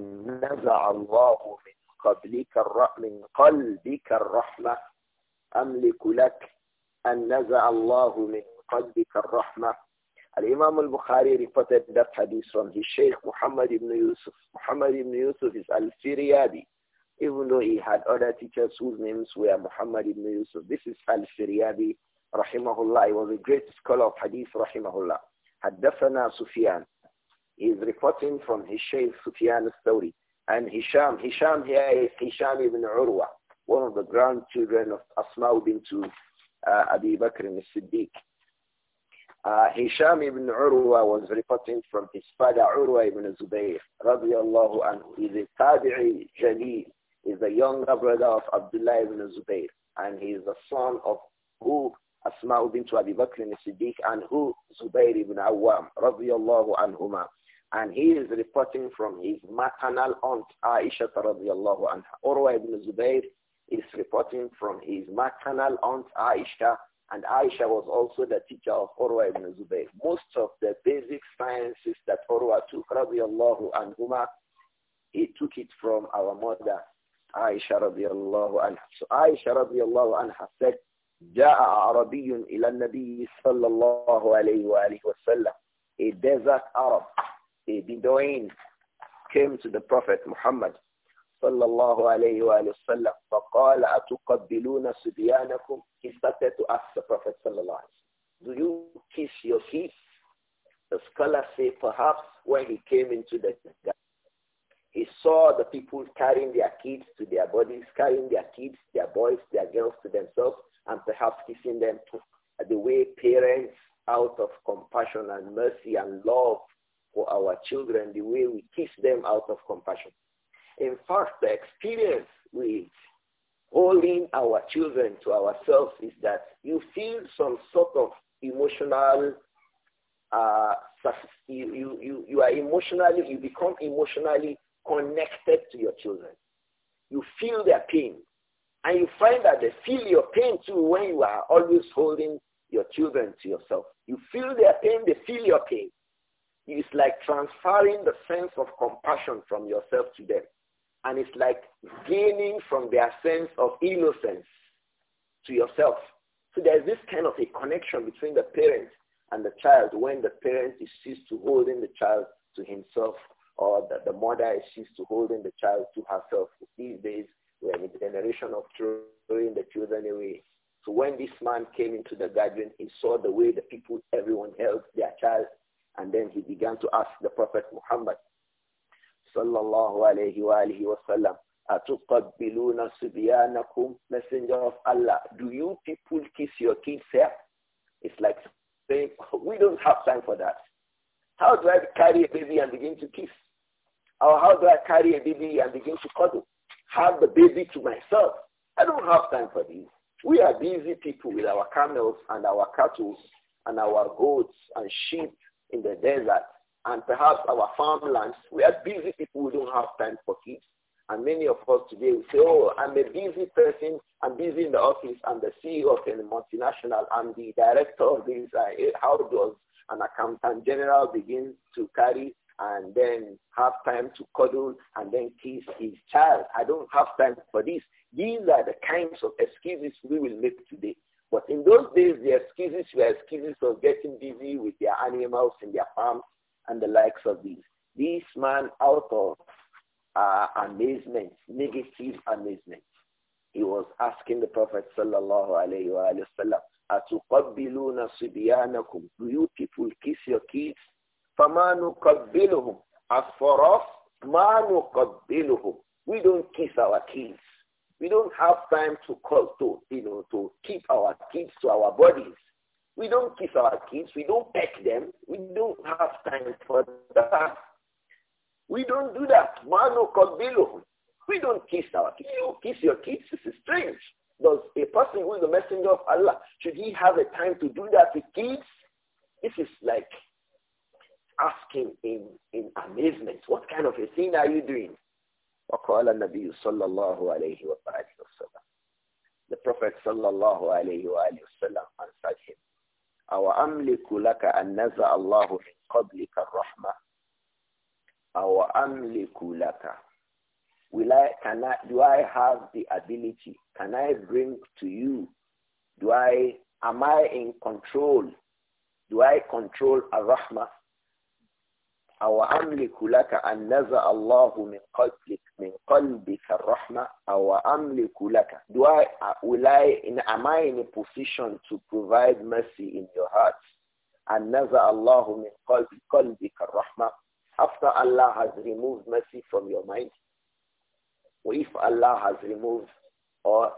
نزع الله من قبلك من قلبك الرحمة أملك لك أن نزع الله من قلبك الرحمة الإمام البخاري reported that hadith from his Sheikh Muhammad ibn Yusuf. Muhammad ibn Yusuf is al even though he had other teachers whose names were Muhammad ibn Yusuf. This is al رحمه الله He was a great scholar of hadith, رحمه rahimahullah. حدثنا سفيان is reporting from his Shaykh Sufyan story, And Hisham, Hisham here is Hisham ibn Urwa, one of the grandchildren of Asma bint uh, Abi Bakr al-Siddiq. Uh, Hisham ibn Urwa was reporting from his father Urwa ibn Zubayr, radiallahu anhu. He's a tabi'i jaleel. He's the younger brother of Abdullah ibn Zubayr. And he's the son of who Asma bint Abi Bakr al-Siddiq and who Zubayr ibn Awam, radiallahu anhuma. And he is reporting from his maternal aunt, Aisha radiallahu anha. Urwa ibn Zubayr is reporting from his maternal aunt, Aisha, and Aisha was also the teacher of Urwa ibn Zubayr. Most of the basic sciences that Urwa took, radiallahu anhuma, he took it from our mother, Aisha radiallahu anha. So Aisha radiallahu anha said, جاء عربي إلى النبي صلى الله عليه وآله وسلم. A desert Arab a Bedouin came to the Prophet Muhammad sallallahu alayhi عليه فقال أتقبلون He started to ask the Prophet صلى الله عليه وسلم Do you kiss your kids? The scholars say perhaps when he came into the garden, he saw the people carrying their kids to their bodies, carrying their kids, their boys, their girls to themselves, and perhaps kissing them the way parents, out of compassion and mercy and love for our children the way we teach them out of compassion. In fact, the experience with holding our children to ourselves is that you feel some sort of emotional uh, you, you, you are emotionally, you become emotionally connected to your children. You feel their pain. And you find that they feel your pain too when you are always holding your children to yourself. You feel their pain, they feel your pain. It's like transferring the sense of compassion from yourself to them. And it's like gaining from their sense of innocence to yourself. So there's this kind of a connection between the parent and the child when the parent is used to holding the child to himself or that the mother is used to holding the child to herself. These days, we're in a generation of throwing the children away. So when this man came into the garden, he saw the way the people, everyone held their child and then he began to ask the Prophet Muhammad sallallahu alayhi wa alihi wa sallam, Messenger of Allah, do you people kiss your kids here? It's like saying, [laughs] we don't have time for that. How do I carry a baby and begin to kiss? Or how do I carry a baby and begin to cuddle? Have the baby to myself. I don't have time for this. We are busy people with our camels and our cattle and our goats and sheep in the desert and perhaps our farmlands. We are busy people. We don't have time for kids. And many of us today will say, oh, I'm a busy person. I'm busy in the office. I'm the CEO of a multinational. I'm the director of this. how does an accountant general begin to carry and then have time to cuddle and then kiss his child? I don't have time for this. These are the kinds of excuses we will make today. But in those days, the excuses were excuses of getting busy with their animals in their farms and the likes of these. This man, out of uh, amazement, negative amazement, he was asking the Prophet sallallahu alayhi wa sallam, أَتُقَبِّلُونَ صِبِيَانَكُمْ Do you people kiss your kids? فَمَا نُقَبِّلُهُمْ As for us, مَا نُقَبِّلُهُمْ We don't kiss our kids. We don't have time to call to, you know, to keep our kids to our bodies. We don't kiss our kids. We don't pet them. We don't have time for that. We don't do that. Mano kabilo. We don't kiss our kids. You kiss your kids. This is strange. Does a person who is the messenger of Allah, should he have a time to do that with kids? This is like asking in, in amazement, what kind of a thing are you doing? وقال النبي صلى الله عليه وآله وسلم The Prophet صلى الله عليه وآله وسلم answered him أو أملك لك أن نزع الله من قبلك الرحمة أو أملك لك Will I, can I, do I have the ability? Can I bring to you? Do I, am I in control? Do I control الرحمة? أو أملك لك أن نزع الله من قبلك min qalbika rahma aw amliku laka. Do I, uh, will I, in, am I in a position to provide mercy in your heart? And min qalbika rahma. After Allah has removed mercy from your mind, or if Allah has removed or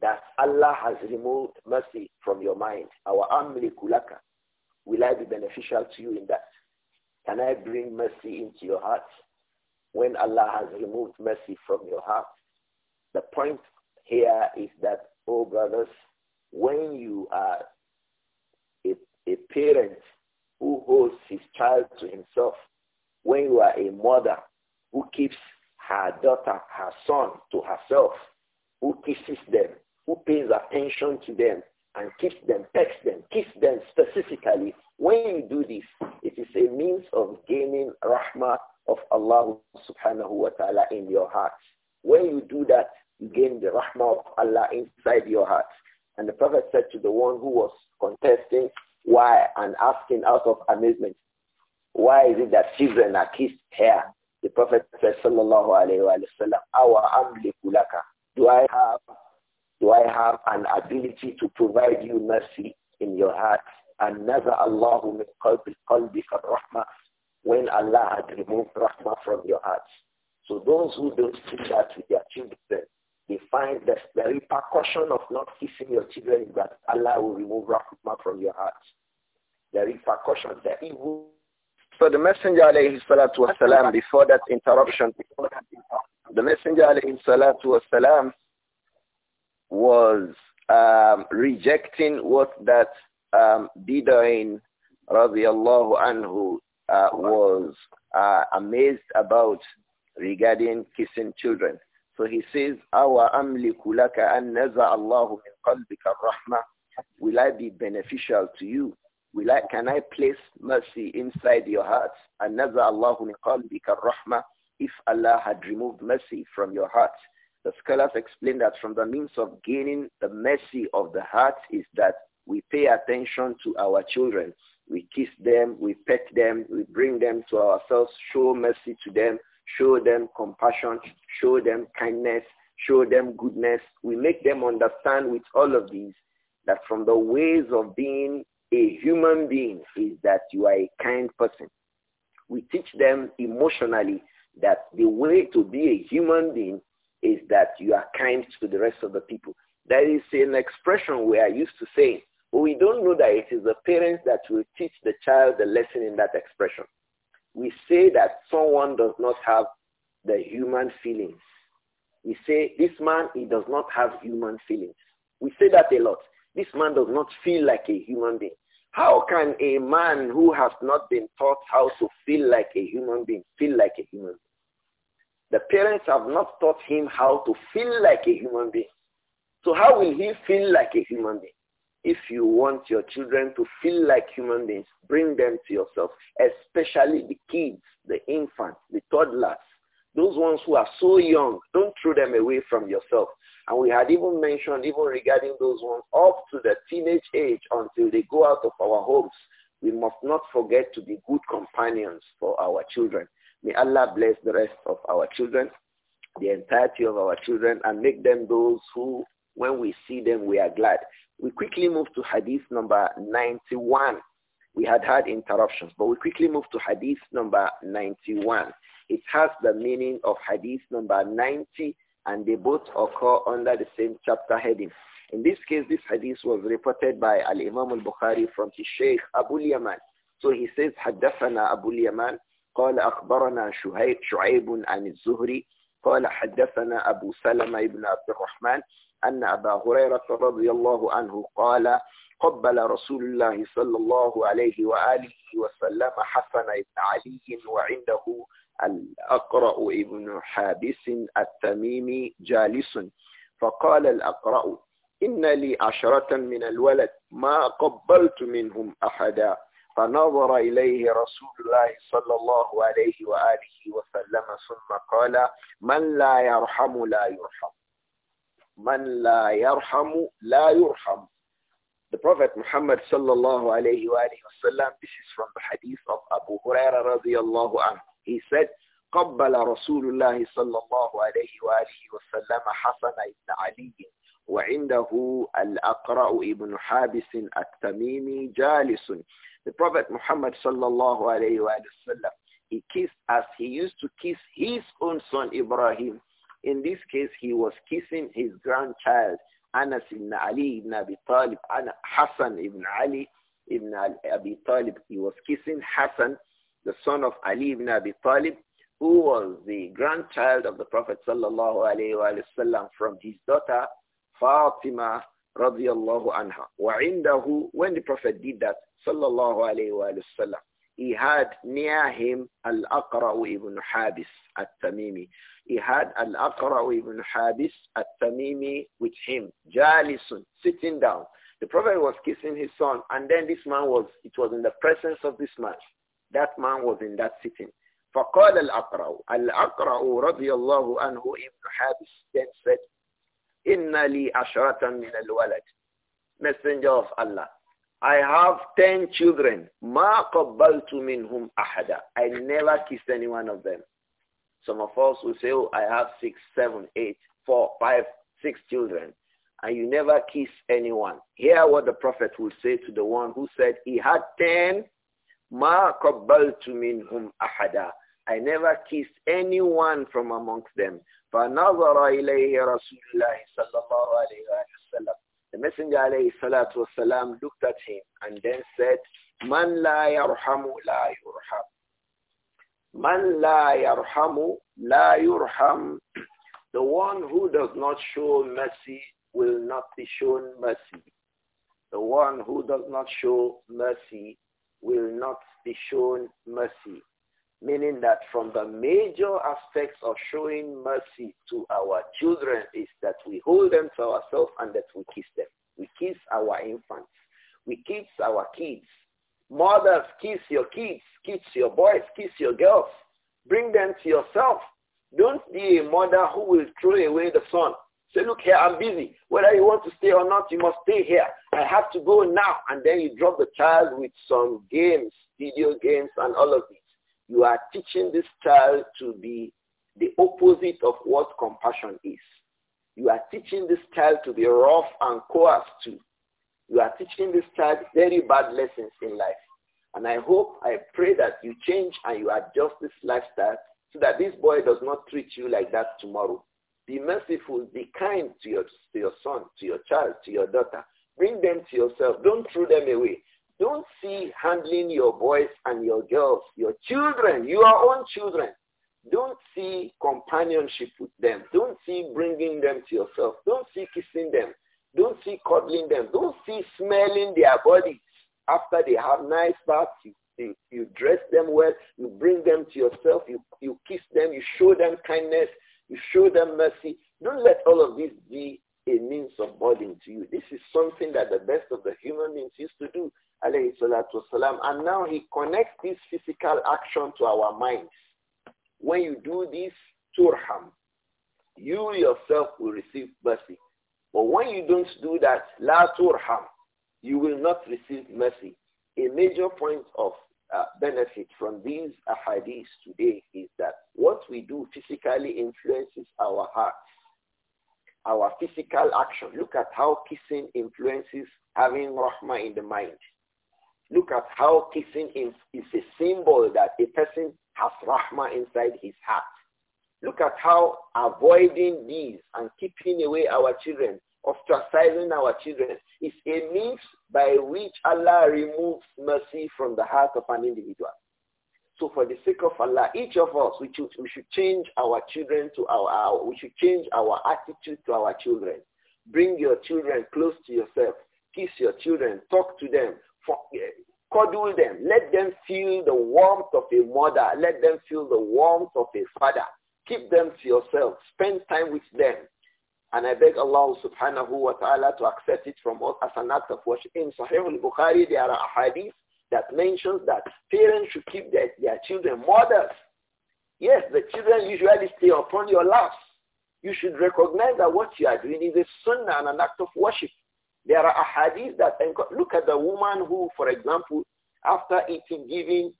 that Allah has removed mercy from your mind, our amliku laka, will I be beneficial to you in that? Can I bring mercy into your heart? when Allah has removed mercy from your heart. The point here is that, oh brothers, when you are a, a parent who holds his child to himself, when you are a mother who keeps her daughter, her son to herself, who kisses them, who pays attention to them, and kiss them, text them, kiss them specifically. When you do this, it is a means of gaining rahmah of Allah subhanahu wa ta'ala in your heart. When you do that, you gain the rahmah of Allah inside your heart. And the Prophet said to the one who was contesting why and asking out of amazement, why is it that children are kissed here? The Prophet said, Sallallahu alayhi Wasallam, Awa amliku laka. Do I have do I have an ability to provide you mercy in your heart? And never Allah min qalbi qalbika rahmah when Allah had removed rahmah from your hearts. So those who don't do that with their children, they find that the repercussion of not kissing your children is that Allah will remove rahmah from your hearts. The repercussion, the evil. So the Messenger alayhi salatu wasalam, before that interruption, the Messenger alayhi salatu wasalam was um, rejecting what that um, Bidain radiallahu anhu uh, was uh, amazed about regarding kissing children. So he says, "Awa amliku laka an Allahu min qalbika rahma." Will I be beneficial to you? Will I, can I place mercy inside your heart? An Allahu min qalbika rahma. If Allah had removed mercy from your heart, the scholars explain that from the means of gaining the mercy of the heart is that we pay attention to our children. We kiss them, we pet them, we bring them to ourselves, show mercy to them, show them compassion, show them kindness, show them goodness. We make them understand with all of these that from the ways of being a human being is that you are a kind person. We teach them emotionally that the way to be a human being is that you are kind to the rest of the people. That is an expression we are used to saying we don't know that it is the parents that will teach the child the lesson in that expression. We say that someone does not have the human feelings. We say, this man, he does not have human feelings. We say that a lot. This man does not feel like a human being. How can a man who has not been taught how to feel like a human being feel like a human being? The parents have not taught him how to feel like a human being. So how will he feel like a human being? If you want your children to feel like human beings, bring them to yourself, especially the kids, the infants, the toddlers, those ones who are so young. Don't throw them away from yourself. And we had even mentioned, even regarding those ones up to the teenage age until they go out of our homes, we must not forget to be good companions for our children. May Allah bless the rest of our children, the entirety of our children, and make them those who, when we see them, we are glad. We quickly move to hadith number 91. We had had interruptions, but we quickly move to hadith number 91. It has the meaning of hadith number 90 and they both occur under the same chapter heading. In this case, this hadith was reported by Al-Imam al-Bukhari from his Sheikh Abu Yaman. So he says, حدثنا أبو اليمان قال أخبرنا شعيب عن الزهري قال حدثنا أبو سلمة بن عبد الرحمن أن أبا هريرة رضي الله عنه قال قبل رسول الله صلى الله عليه وآله وسلم حسن بن علي وعنده الأقرأ ابن حابس التميمي جالس فقال الأقرأ إن لي عشرة من الولد ما قبلت منهم أحدا فنظر إليه رسول الله صلى الله عليه وآله وسلم ثم قال من لا يرحم لا يرحم من لا yarhamu لا يرحم. The Prophet Muhammad sallallahu alayhi wa sallam, this is from the hadith of Abu Huraira radiallahu anhu. He said, قبل رسول الله صلى الله عليه وآله وسلم حسن ابن علي وعنده الأقرأ ابن حابس التميمي جالس The Prophet Muhammad صلى الله عليه وآله وسلم he kissed as he used to kiss his own son Ibrahim in this case, he was kissing his grandchild, Anas ibn Ali ibn Abi Talib, Anas, Hassan ibn Ali ibn Abi Talib. He was kissing Hassan, the son of Ali ibn Abi Talib, who was the grandchild of the Prophet sallallahu alayhi wa sallam from his daughter Fatima radiallahu anha. وعنده, when the Prophet did that, sallallahu alayhi wa sallam, he had near him Al-Aqra'u ibn Habis at-Tamimi. He had Al-Aqra'u ibn Habis at-Tamimi with him, Jalisun, sitting down. The Prophet was kissing his son, and then this man was, it was in the presence of this man. That man was in that sitting. فقال الأقرع الأقرع رضي الله عنه ابن حابس then said إن لي عشرة من الولد Messenger of Allah I have 10 children. مَا قَبَّلْتُ مِنْهُمْ أَحَدًا I never kissed any one of them. Some of us will say, oh, I have six, seven, eight, four, five, six children. And you never kiss anyone. Hear what the prophet will say to the one who said he had 10. مَا قَبَّلْتُ مِنْهُمْ أَحَدًا I never kissed anyone from amongst them. فَنَظَرَ إِلَيْهِ رَسُولُ اللَّهِ صَلَّى اللَّهُ عَلَيْهِ وَسَلَّمَ the Messenger alayhi salatu wasalam looked at him and then said, Man la yarhamu la yurham. Man la yarhamu la yurham. The one who does not show mercy will not be shown mercy. The one who does not show mercy will not be shown mercy. Meaning that from the major aspects of showing mercy to our children is that we hold them to ourselves and that we kiss them. We kiss our infants. We kiss our kids. Mothers, kiss your kids. Kiss your boys. Kiss your girls. Bring them to yourself. Don't be a mother who will throw away the son. Say, look here, I'm busy. Whether you want to stay or not, you must stay here. I have to go now. And then you drop the child with some games, video games and all of this you are teaching this child to be the opposite of what compassion is. You are teaching this child to be rough and coarse too. You are teaching this child very bad lessons in life. And I hope, I pray that you change and you adjust this lifestyle so that this boy does not treat you like that tomorrow. Be merciful, be kind to your, to your son, to your child, to your daughter. Bring them to yourself. Don't throw them away. Don't see handling your boys and your girls, your children, your own children. Don't see companionship with them. Don't see bringing them to yourself. Don't see kissing them. Don't see cuddling them. Don't see smelling their bodies after they have nice baths. You, you, you dress them well. You bring them to yourself. You, you kiss them. You show them kindness. You show them mercy. Don't let all of this be a means of burden to you. This is something that the best of the human beings used to do alayhi salatu wasalam. And now he connects this physical action to our minds. When you do this, turham, you yourself will receive mercy. But when you don't do that, la turham, you will not receive mercy. A major point of uh, benefit from these ahadiths today is that what we do physically influences our hearts, our physical action. Look at how kissing influences having rahmah in the mind. Look at how kissing is, is a symbol that a person has rahma inside his heart. Look at how avoiding these and keeping away our children, ostracizing our children, is a means by which Allah removes mercy from the heart of an individual. So for the sake of Allah, each of us, we should, we should change our children to our, our, we should change our attitude to our children. Bring your children close to yourself. Kiss your children. Talk to them. Cuddle them. Let them feel the warmth of a mother. Let them feel the warmth of a father. Keep them to yourself. Spend time with them. And I beg Allah subhanahu wa ta'ala to accept it from us as an act of worship. In Sahih al-Bukhari, there are hadiths that mentions that parents should keep their, their children mothers. Yes, the children usually stay upon your laps. You should recognize that what you are doing is a sunnah and an act of worship. There are hadiths that look at the woman who, for example, after eating, giving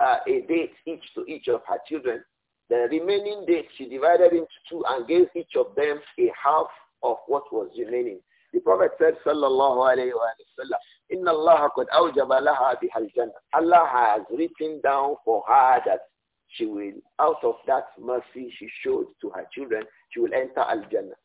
uh, a date each to each of her children. The remaining date she divided into two and gave each of them a half of what was remaining. The Prophet said, Sallallahu Alaihi Wasallam, Inna Allah qad awjaba laha al jannah. Allah has written down for her that she will, out of that mercy she showed to her children, she will enter Al-Jannah.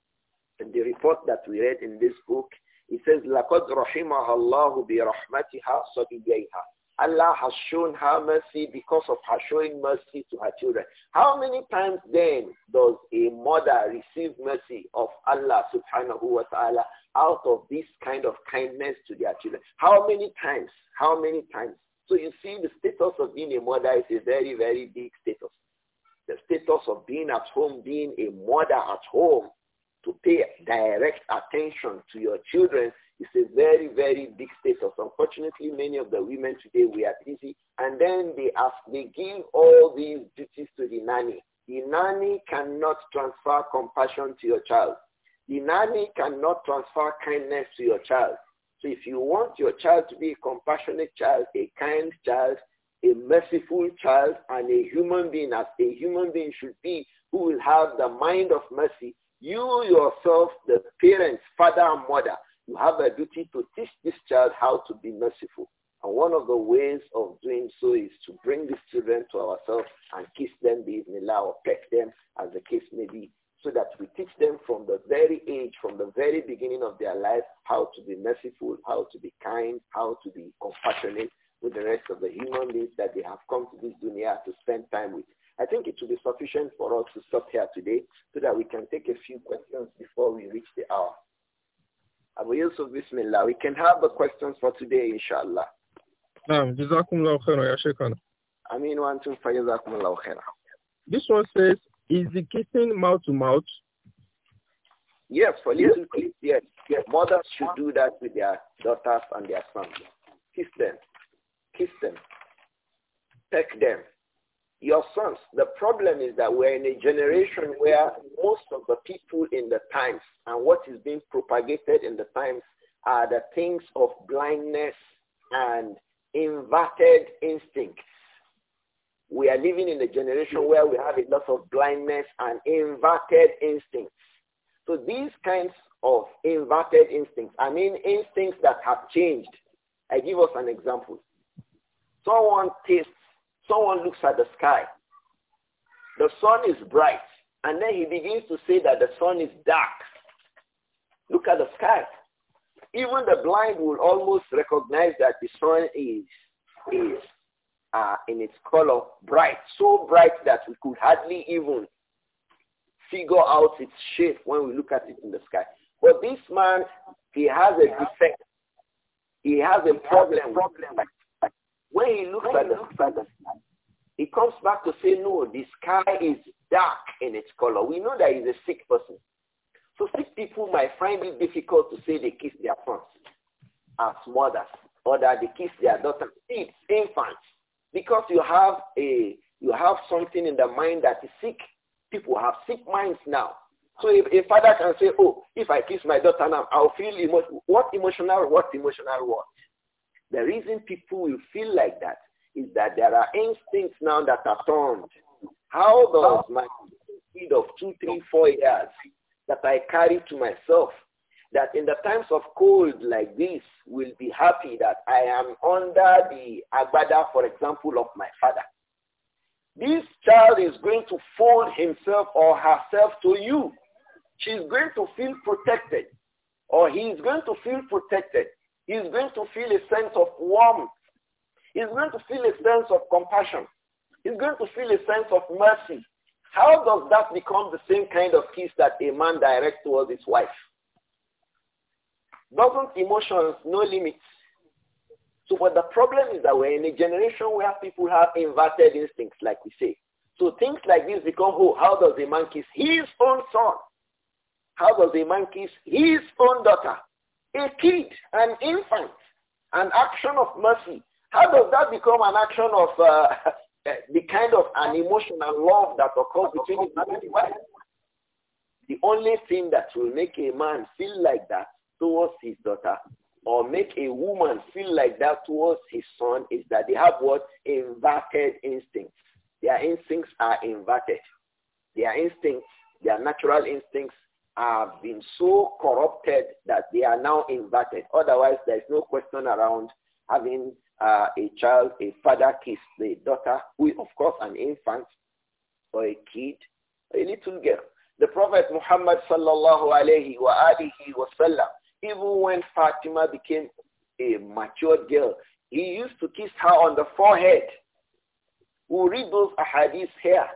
And the report that we read in this book he says, لَقَدْ رَحِمَهَا اللَّهُ بِرَحْمَتِهَا صَبِيَّيْهَا Allah has shown her mercy because of her showing mercy to her children. How many times then does a mother receive mercy of Allah subhanahu wa ta'ala out of this kind of kindness to their children? How many times? How many times? So you see the status of being a mother is a very, very big status. The status of being at home, being a mother at home to pay direct attention to your children is a very, very big status. Unfortunately, many of the women today, we are busy. And then they, ask, they give all these duties to the nanny. The nanny cannot transfer compassion to your child. The nanny cannot transfer kindness to your child. So if you want your child to be a compassionate child, a kind child, a merciful child, and a human being as a human being should be, who will have the mind of mercy, you yourself, the parents, father and mother, you have a duty to teach this child how to be merciful. And one of the ways of doing so is to bring these children to ourselves and kiss them, bismillah, or pet them, as the case may be, so that we teach them from the very age, from the very beginning of their life, how to be merciful, how to be kind, how to be compassionate with the rest of the human beings that they have come to this dunya to spend time with. I think it will be sufficient for us to stop here today so that we can take a few questions before we reach the hour. Abu Yusuf, Bismillah. We can have the questions for today, inshallah. Ameen wa antum fajazakumullahu khaira. This one says, is the kissing mouth to mouth? Yes, for little kids, yes. yes. Mothers should do that with their daughters and their sons. Kiss them. Kiss them. Peck them your sons. The problem is that we're in a generation where most of the people in the times and what is being propagated in the times are the things of blindness and inverted instincts. We are living in a generation where we have a lot of blindness and inverted instincts. So these kinds of inverted instincts, I mean instincts that have changed. I give us an example. Someone tastes Someone looks at the sky. The sun is bright. And then he begins to say that the sun is dark. Look at the sky. Even the blind will almost recognize that the sun is, is uh, in its color bright, so bright that we could hardly even figure out its shape when we look at it in the sky. But this man, he has a defect. He has a problem. problem. When he looks when at he the looks at the sky, he comes back to say, no, the sky is dark in its color. We know that he's a sick person. So sick people might find it difficult to say they kiss their sons as mothers or that they kiss their daughters, it's infants, because you have a you have something in the mind that is sick. People have sick minds now. So if a father can say, oh, if I kiss my daughter now, I'll feel emotion. What emotional? What emotional? What? The reason people will feel like that is that there are instincts now that are turned. How does my speed of two, three, four years that I carry to myself, that in the times of cold like this, will be happy that I am under the agbada, for example, of my father. This child is going to fold himself or herself to you. She's going to feel protected or he is going to feel protected He's going to feel a sense of warmth. He's going to feel a sense of compassion. He's going to feel a sense of mercy. How does that become the same kind of kiss that a man directs towards his wife? Doesn't emotions no limits? So but the problem is that we're in a generation where people have inverted instincts, like we say. So things like this become, oh, how does a man kiss his own son? How does a man kiss his own daughter? A kid, an infant, an action of mercy. How does that become an action of uh, [laughs] the kind of an emotional love that occurs between the man and the wife? The only thing that will make a man feel like that towards his daughter or make a woman feel like that towards his son is that they have what? Inverted instincts. Their instincts are inverted. Their instincts, their natural instincts have been so corrupted that they are now inverted. Otherwise, there is no question around having uh, a child, a father kiss the daughter, who of course an infant or a kid, a little girl. The Prophet Muhammad sallallahu alayhi wa alihi wa sallam, even when Fatima became a matured girl, he used to kiss her on the forehead. We read those ahadith here.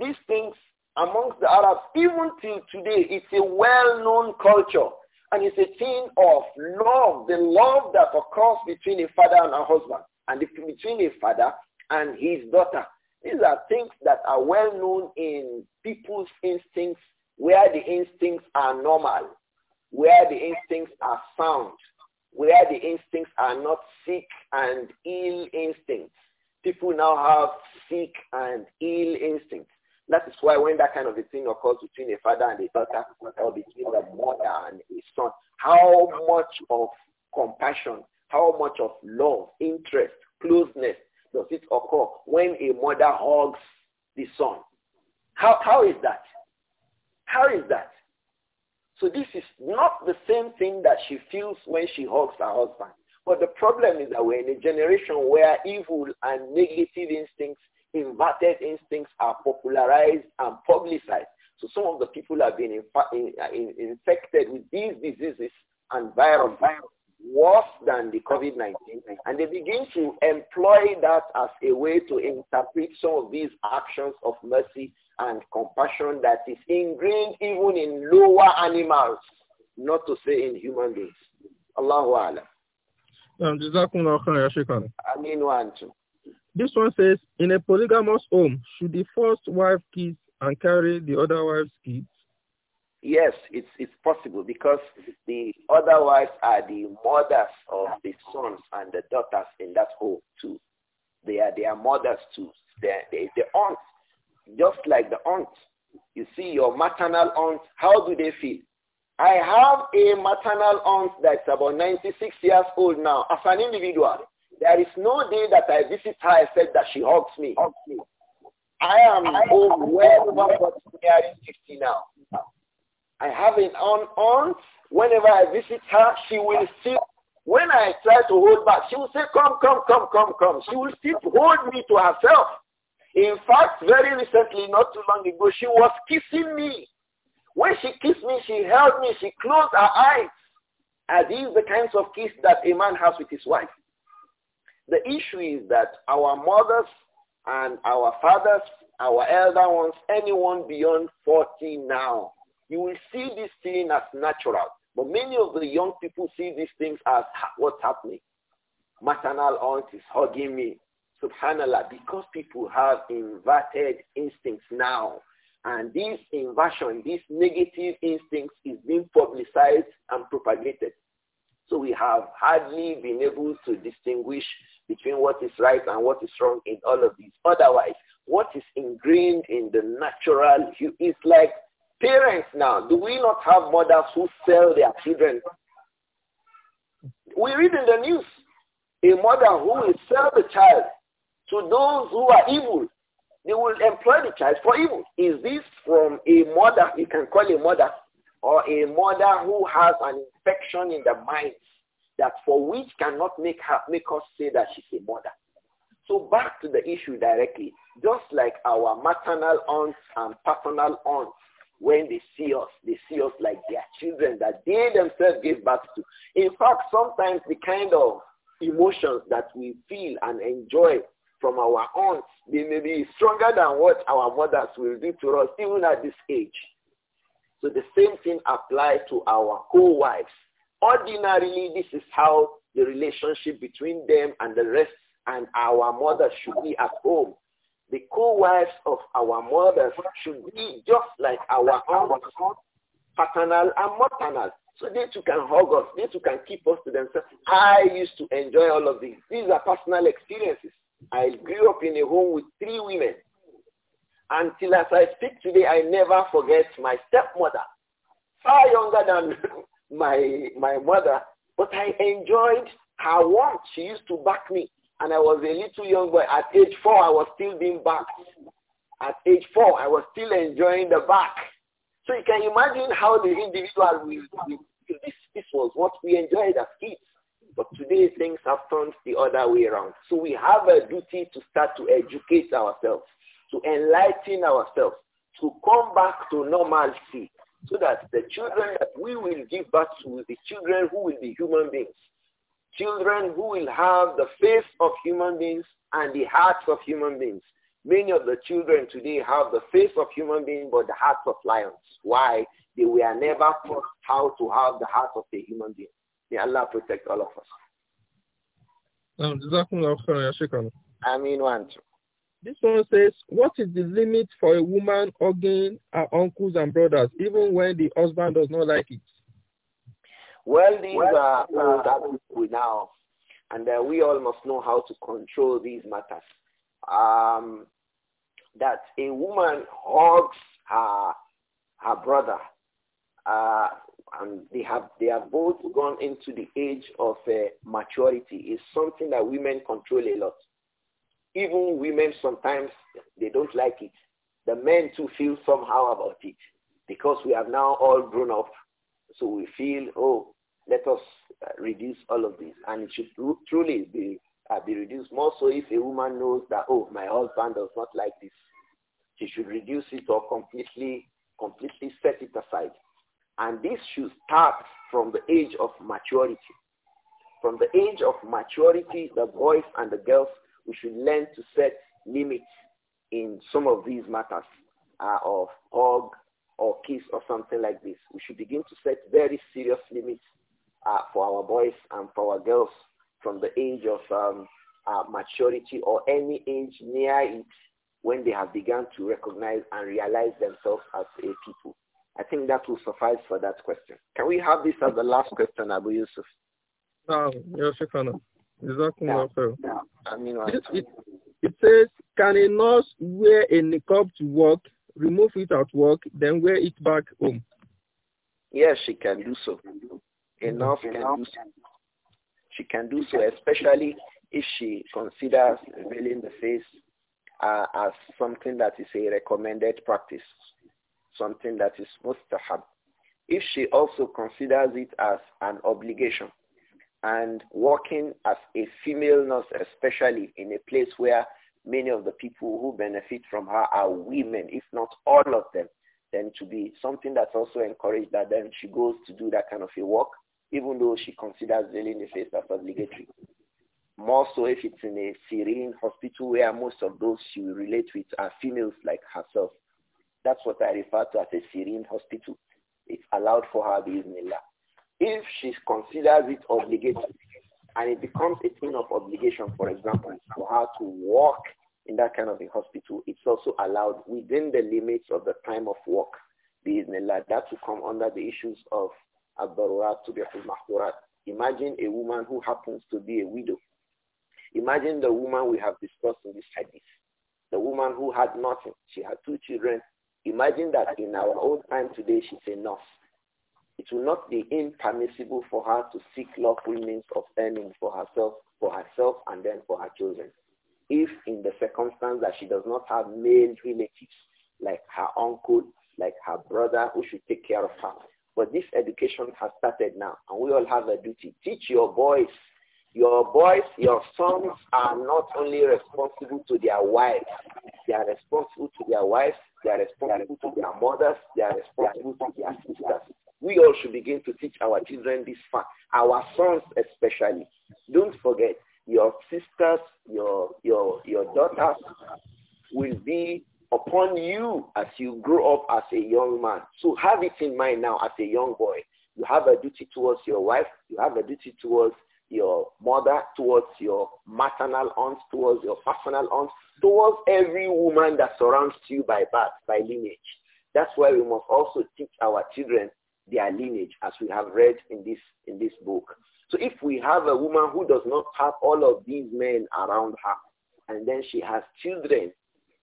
These things amongst the Arabs, even till today, it's a well-known culture. And it's a thing of love, the love that occurs between a father and a husband, and between a father and his daughter. These are things that are well known in people's instincts, where the instincts are normal, where the instincts are sound, where the instincts are not sick and ill instincts. People now have sick and ill instincts. That is why when that kind of a thing occurs between a father and a daughter or between a mother and a son, how much of compassion, how much of love, interest, closeness does it occur when a mother hugs the son? How, how is that? How is that? So this is not the same thing that she feels when she hugs her husband. But the problem is that we're in a generation where evil and negative instincts inverted instincts are popularized and publicized. So some of the people have been in, in, infected with these diseases and viruses worse than the COVID-19. And they begin to employ that as a way to interpret some of these actions of mercy and compassion that is ingrained even in lower animals, not to say in human beings. Allahu Alam. Um, this one says, in a polygamous home, should the first wife kiss and carry the other wife's kids? Yes, it's, it's possible because the other wives are the mothers of the sons and the daughters in that home too. They are their mothers too. They're, the aunts, just like the aunts. You see your maternal aunt, how do they feel? I have a maternal aunt that's about 96 years old now as an individual. There is no day that I visit her except that she hugs me. Hugs me. I am old, well over 60 now. I have an aunt, aunt. Whenever I visit her, she will still, when I try to hold back, she will say, come, come, come, come, come. She will still hold me to herself. In fact, very recently, not too long ago, she was kissing me. When she kissed me, she held me, she closed her eyes. Are these the kinds of kiss that a man has with his wife? The issue is that our mothers and our fathers, our elder ones, anyone beyond 40 now, you will see this thing as natural. But many of the young people see these things as what's happening. Maternal aunt is hugging me. Subhanallah, because people have inverted instincts now. And this inversion, this negative instincts is being publicized and propagated. So we have hardly been able to distinguish between what is right and what is wrong in all of these. Otherwise, what is ingrained in the natural is like parents now. Do we not have mothers who sell their children? We read in the news a mother who will sell the child to those who are evil. They will employ the child for evil. Is this from a mother, you can call a mother, or a mother who has an infection in the mind that for which cannot make her make us say that she's a mother. So back to the issue directly, just like our maternal aunts and paternal aunts, when they see us, they see us like their children that they themselves give birth to. In fact, sometimes the kind of emotions that we feel and enjoy from our aunts, they may be stronger than what our mothers will do to us even at this age. So the same thing applies to our co-wives Ordinarily, this is how the relationship between them and the rest and our mothers should be at home. The co-wives of our mothers should be just like our own paternal and maternal. So they too can hug us. They too can keep us to themselves. I used to enjoy all of these. These are personal experiences. I grew up in a home with three women. Until as I speak today, I never forget my stepmother. Far younger than my, my mother, but I enjoyed her warmth. She used to back me. And I was a little young boy. At age four, I was still being backed. At age four, I was still enjoying the back. So you can imagine how the individual will This, this was what we enjoyed as kids. But today things have turned the other way around. So we have a duty to start to educate ourselves, to enlighten ourselves, to come back to normalcy so that the children that we will give birth to will be children who will be human beings, children who will have the face of human beings and the hearts of human beings. Many of the children today have the face of human beings but the hearts of lions. Why? They were never taught how to have the heart of a human being. May Allah protect all of us. I mean one. This one says, what is the limit for a woman hugging her uncles and brothers, even when the husband does not like it? Well, these are old uh, uh, people now, and uh, we all must know how to control these matters. Um, that a woman hugs her her brother, uh, and they have they have both gone into the age of uh, maturity is something that women control a lot. Even women sometimes, they don't like it. The men too feel somehow about it because we have now all grown up. So we feel, oh, let us uh, reduce all of this. And it should truly be, uh, be reduced more so if a woman knows that, oh, my husband does not like this. She should reduce it or completely, completely set it aside. And this should start from the age of maturity. From the age of maturity, the boys and the girls we should learn to set limits in some of these matters uh, of hug or kiss or something like this. We should begin to set very serious limits uh, for our boys and for our girls from the age of um, uh, maturity or any age near it when they have begun to recognize and realize themselves as a people. I think that will suffice for that question. Can we have this as the last question, Abu Yusuf? Um, yes, you can. I mean, it, it, um, it says, can a nurse wear a niqab to work, remove it at work, then wear it back home? Yes, she can do so. A mm-hmm. nurse can do so. She can do so, especially if she considers veiling the face uh, as something that is a recommended practice, something that is mustahab. If she also considers it as an obligation, and working as a female nurse, especially in a place where many of the people who benefit from her are women, if not all of them, then to be something that's also encouraged that then she goes to do that kind of a work, even though she considers veiling the face as obligatory. More so if it's in a serene hospital where most of those she will relate with are females like herself. That's what I refer to as a serene hospital. It's allowed for her, bismillah. If she considers it obligatory and it becomes a thing of obligation, for example, for her to work in that kind of a hospital, it's also allowed within the limits of the time of work. That will come under the issues of Abdarurat to be Mahdurat. Imagine a woman who happens to be a widow. Imagine the woman we have discussed in this hadith. The woman who had nothing. She had two children. Imagine that in our own time today, she's a nurse it will not be impermissible for her to seek lawful means of earning for herself, for herself and then for her children. If in the circumstance that she does not have male relatives like her uncle, like her brother who should take care of her. But this education has started now and we all have a duty. Teach your boys. Your boys, your sons are not only responsible to their wives. They are responsible to their wives. They are responsible to their mothers. They are responsible to their sisters we all should begin to teach our children this fact, our sons especially. Don't forget, your sisters, your, your, your daughters will be upon you as you grow up as a young man. So have it in mind now as a young boy. You have a duty towards your wife. You have a duty towards your mother, towards your maternal aunt, towards your paternal aunt, towards every woman that surrounds you by birth, by lineage. That's why we must also teach our children their lineage, as we have read in this, in this book. So if we have a woman who does not have all of these men around her, and then she has children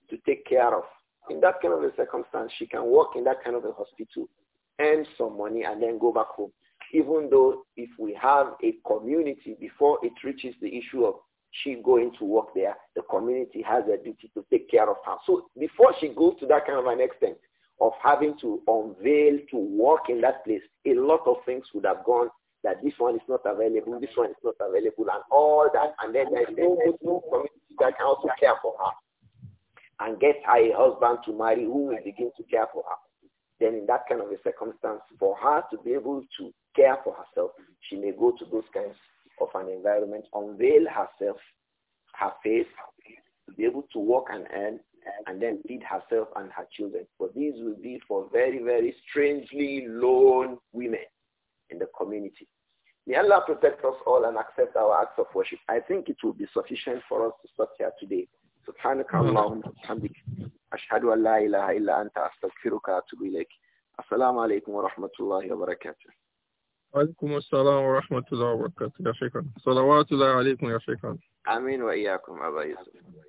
to take care of, in that kind of a circumstance, she can work in that kind of a hospital, earn some money, and then go back home. Even though if we have a community, before it reaches the issue of she going to work there, the community has a duty to take care of her. So before she goes to that kind of an extent, of having to unveil to work in that place, a lot of things would have gone that this one is not available, this one is not available, and all that. And then there's no, no community that can also care for her and get her a husband to marry who will begin to care for her. Then in that kind of a circumstance, for her to be able to care for herself, she may go to those kinds of an environment, unveil herself, her face, to be able to work and earn, and then feed herself and her children. But these will be for very, very strangely lone women in the community. May Allah protect us all and accept our acts of worship. I think it will be sufficient for us to stop here today. سبحانك اللهم وبحمدك أشهد أن لا إله إلا أنت أستغفرك وأتوب إليك السلام عليكم ورحمة الله وبركاته وعليكم السلام ورحمة الله وبركاته يا شيخنا صلوات الله عليكم يا شيخنا آمين وإياكم أبا يوسف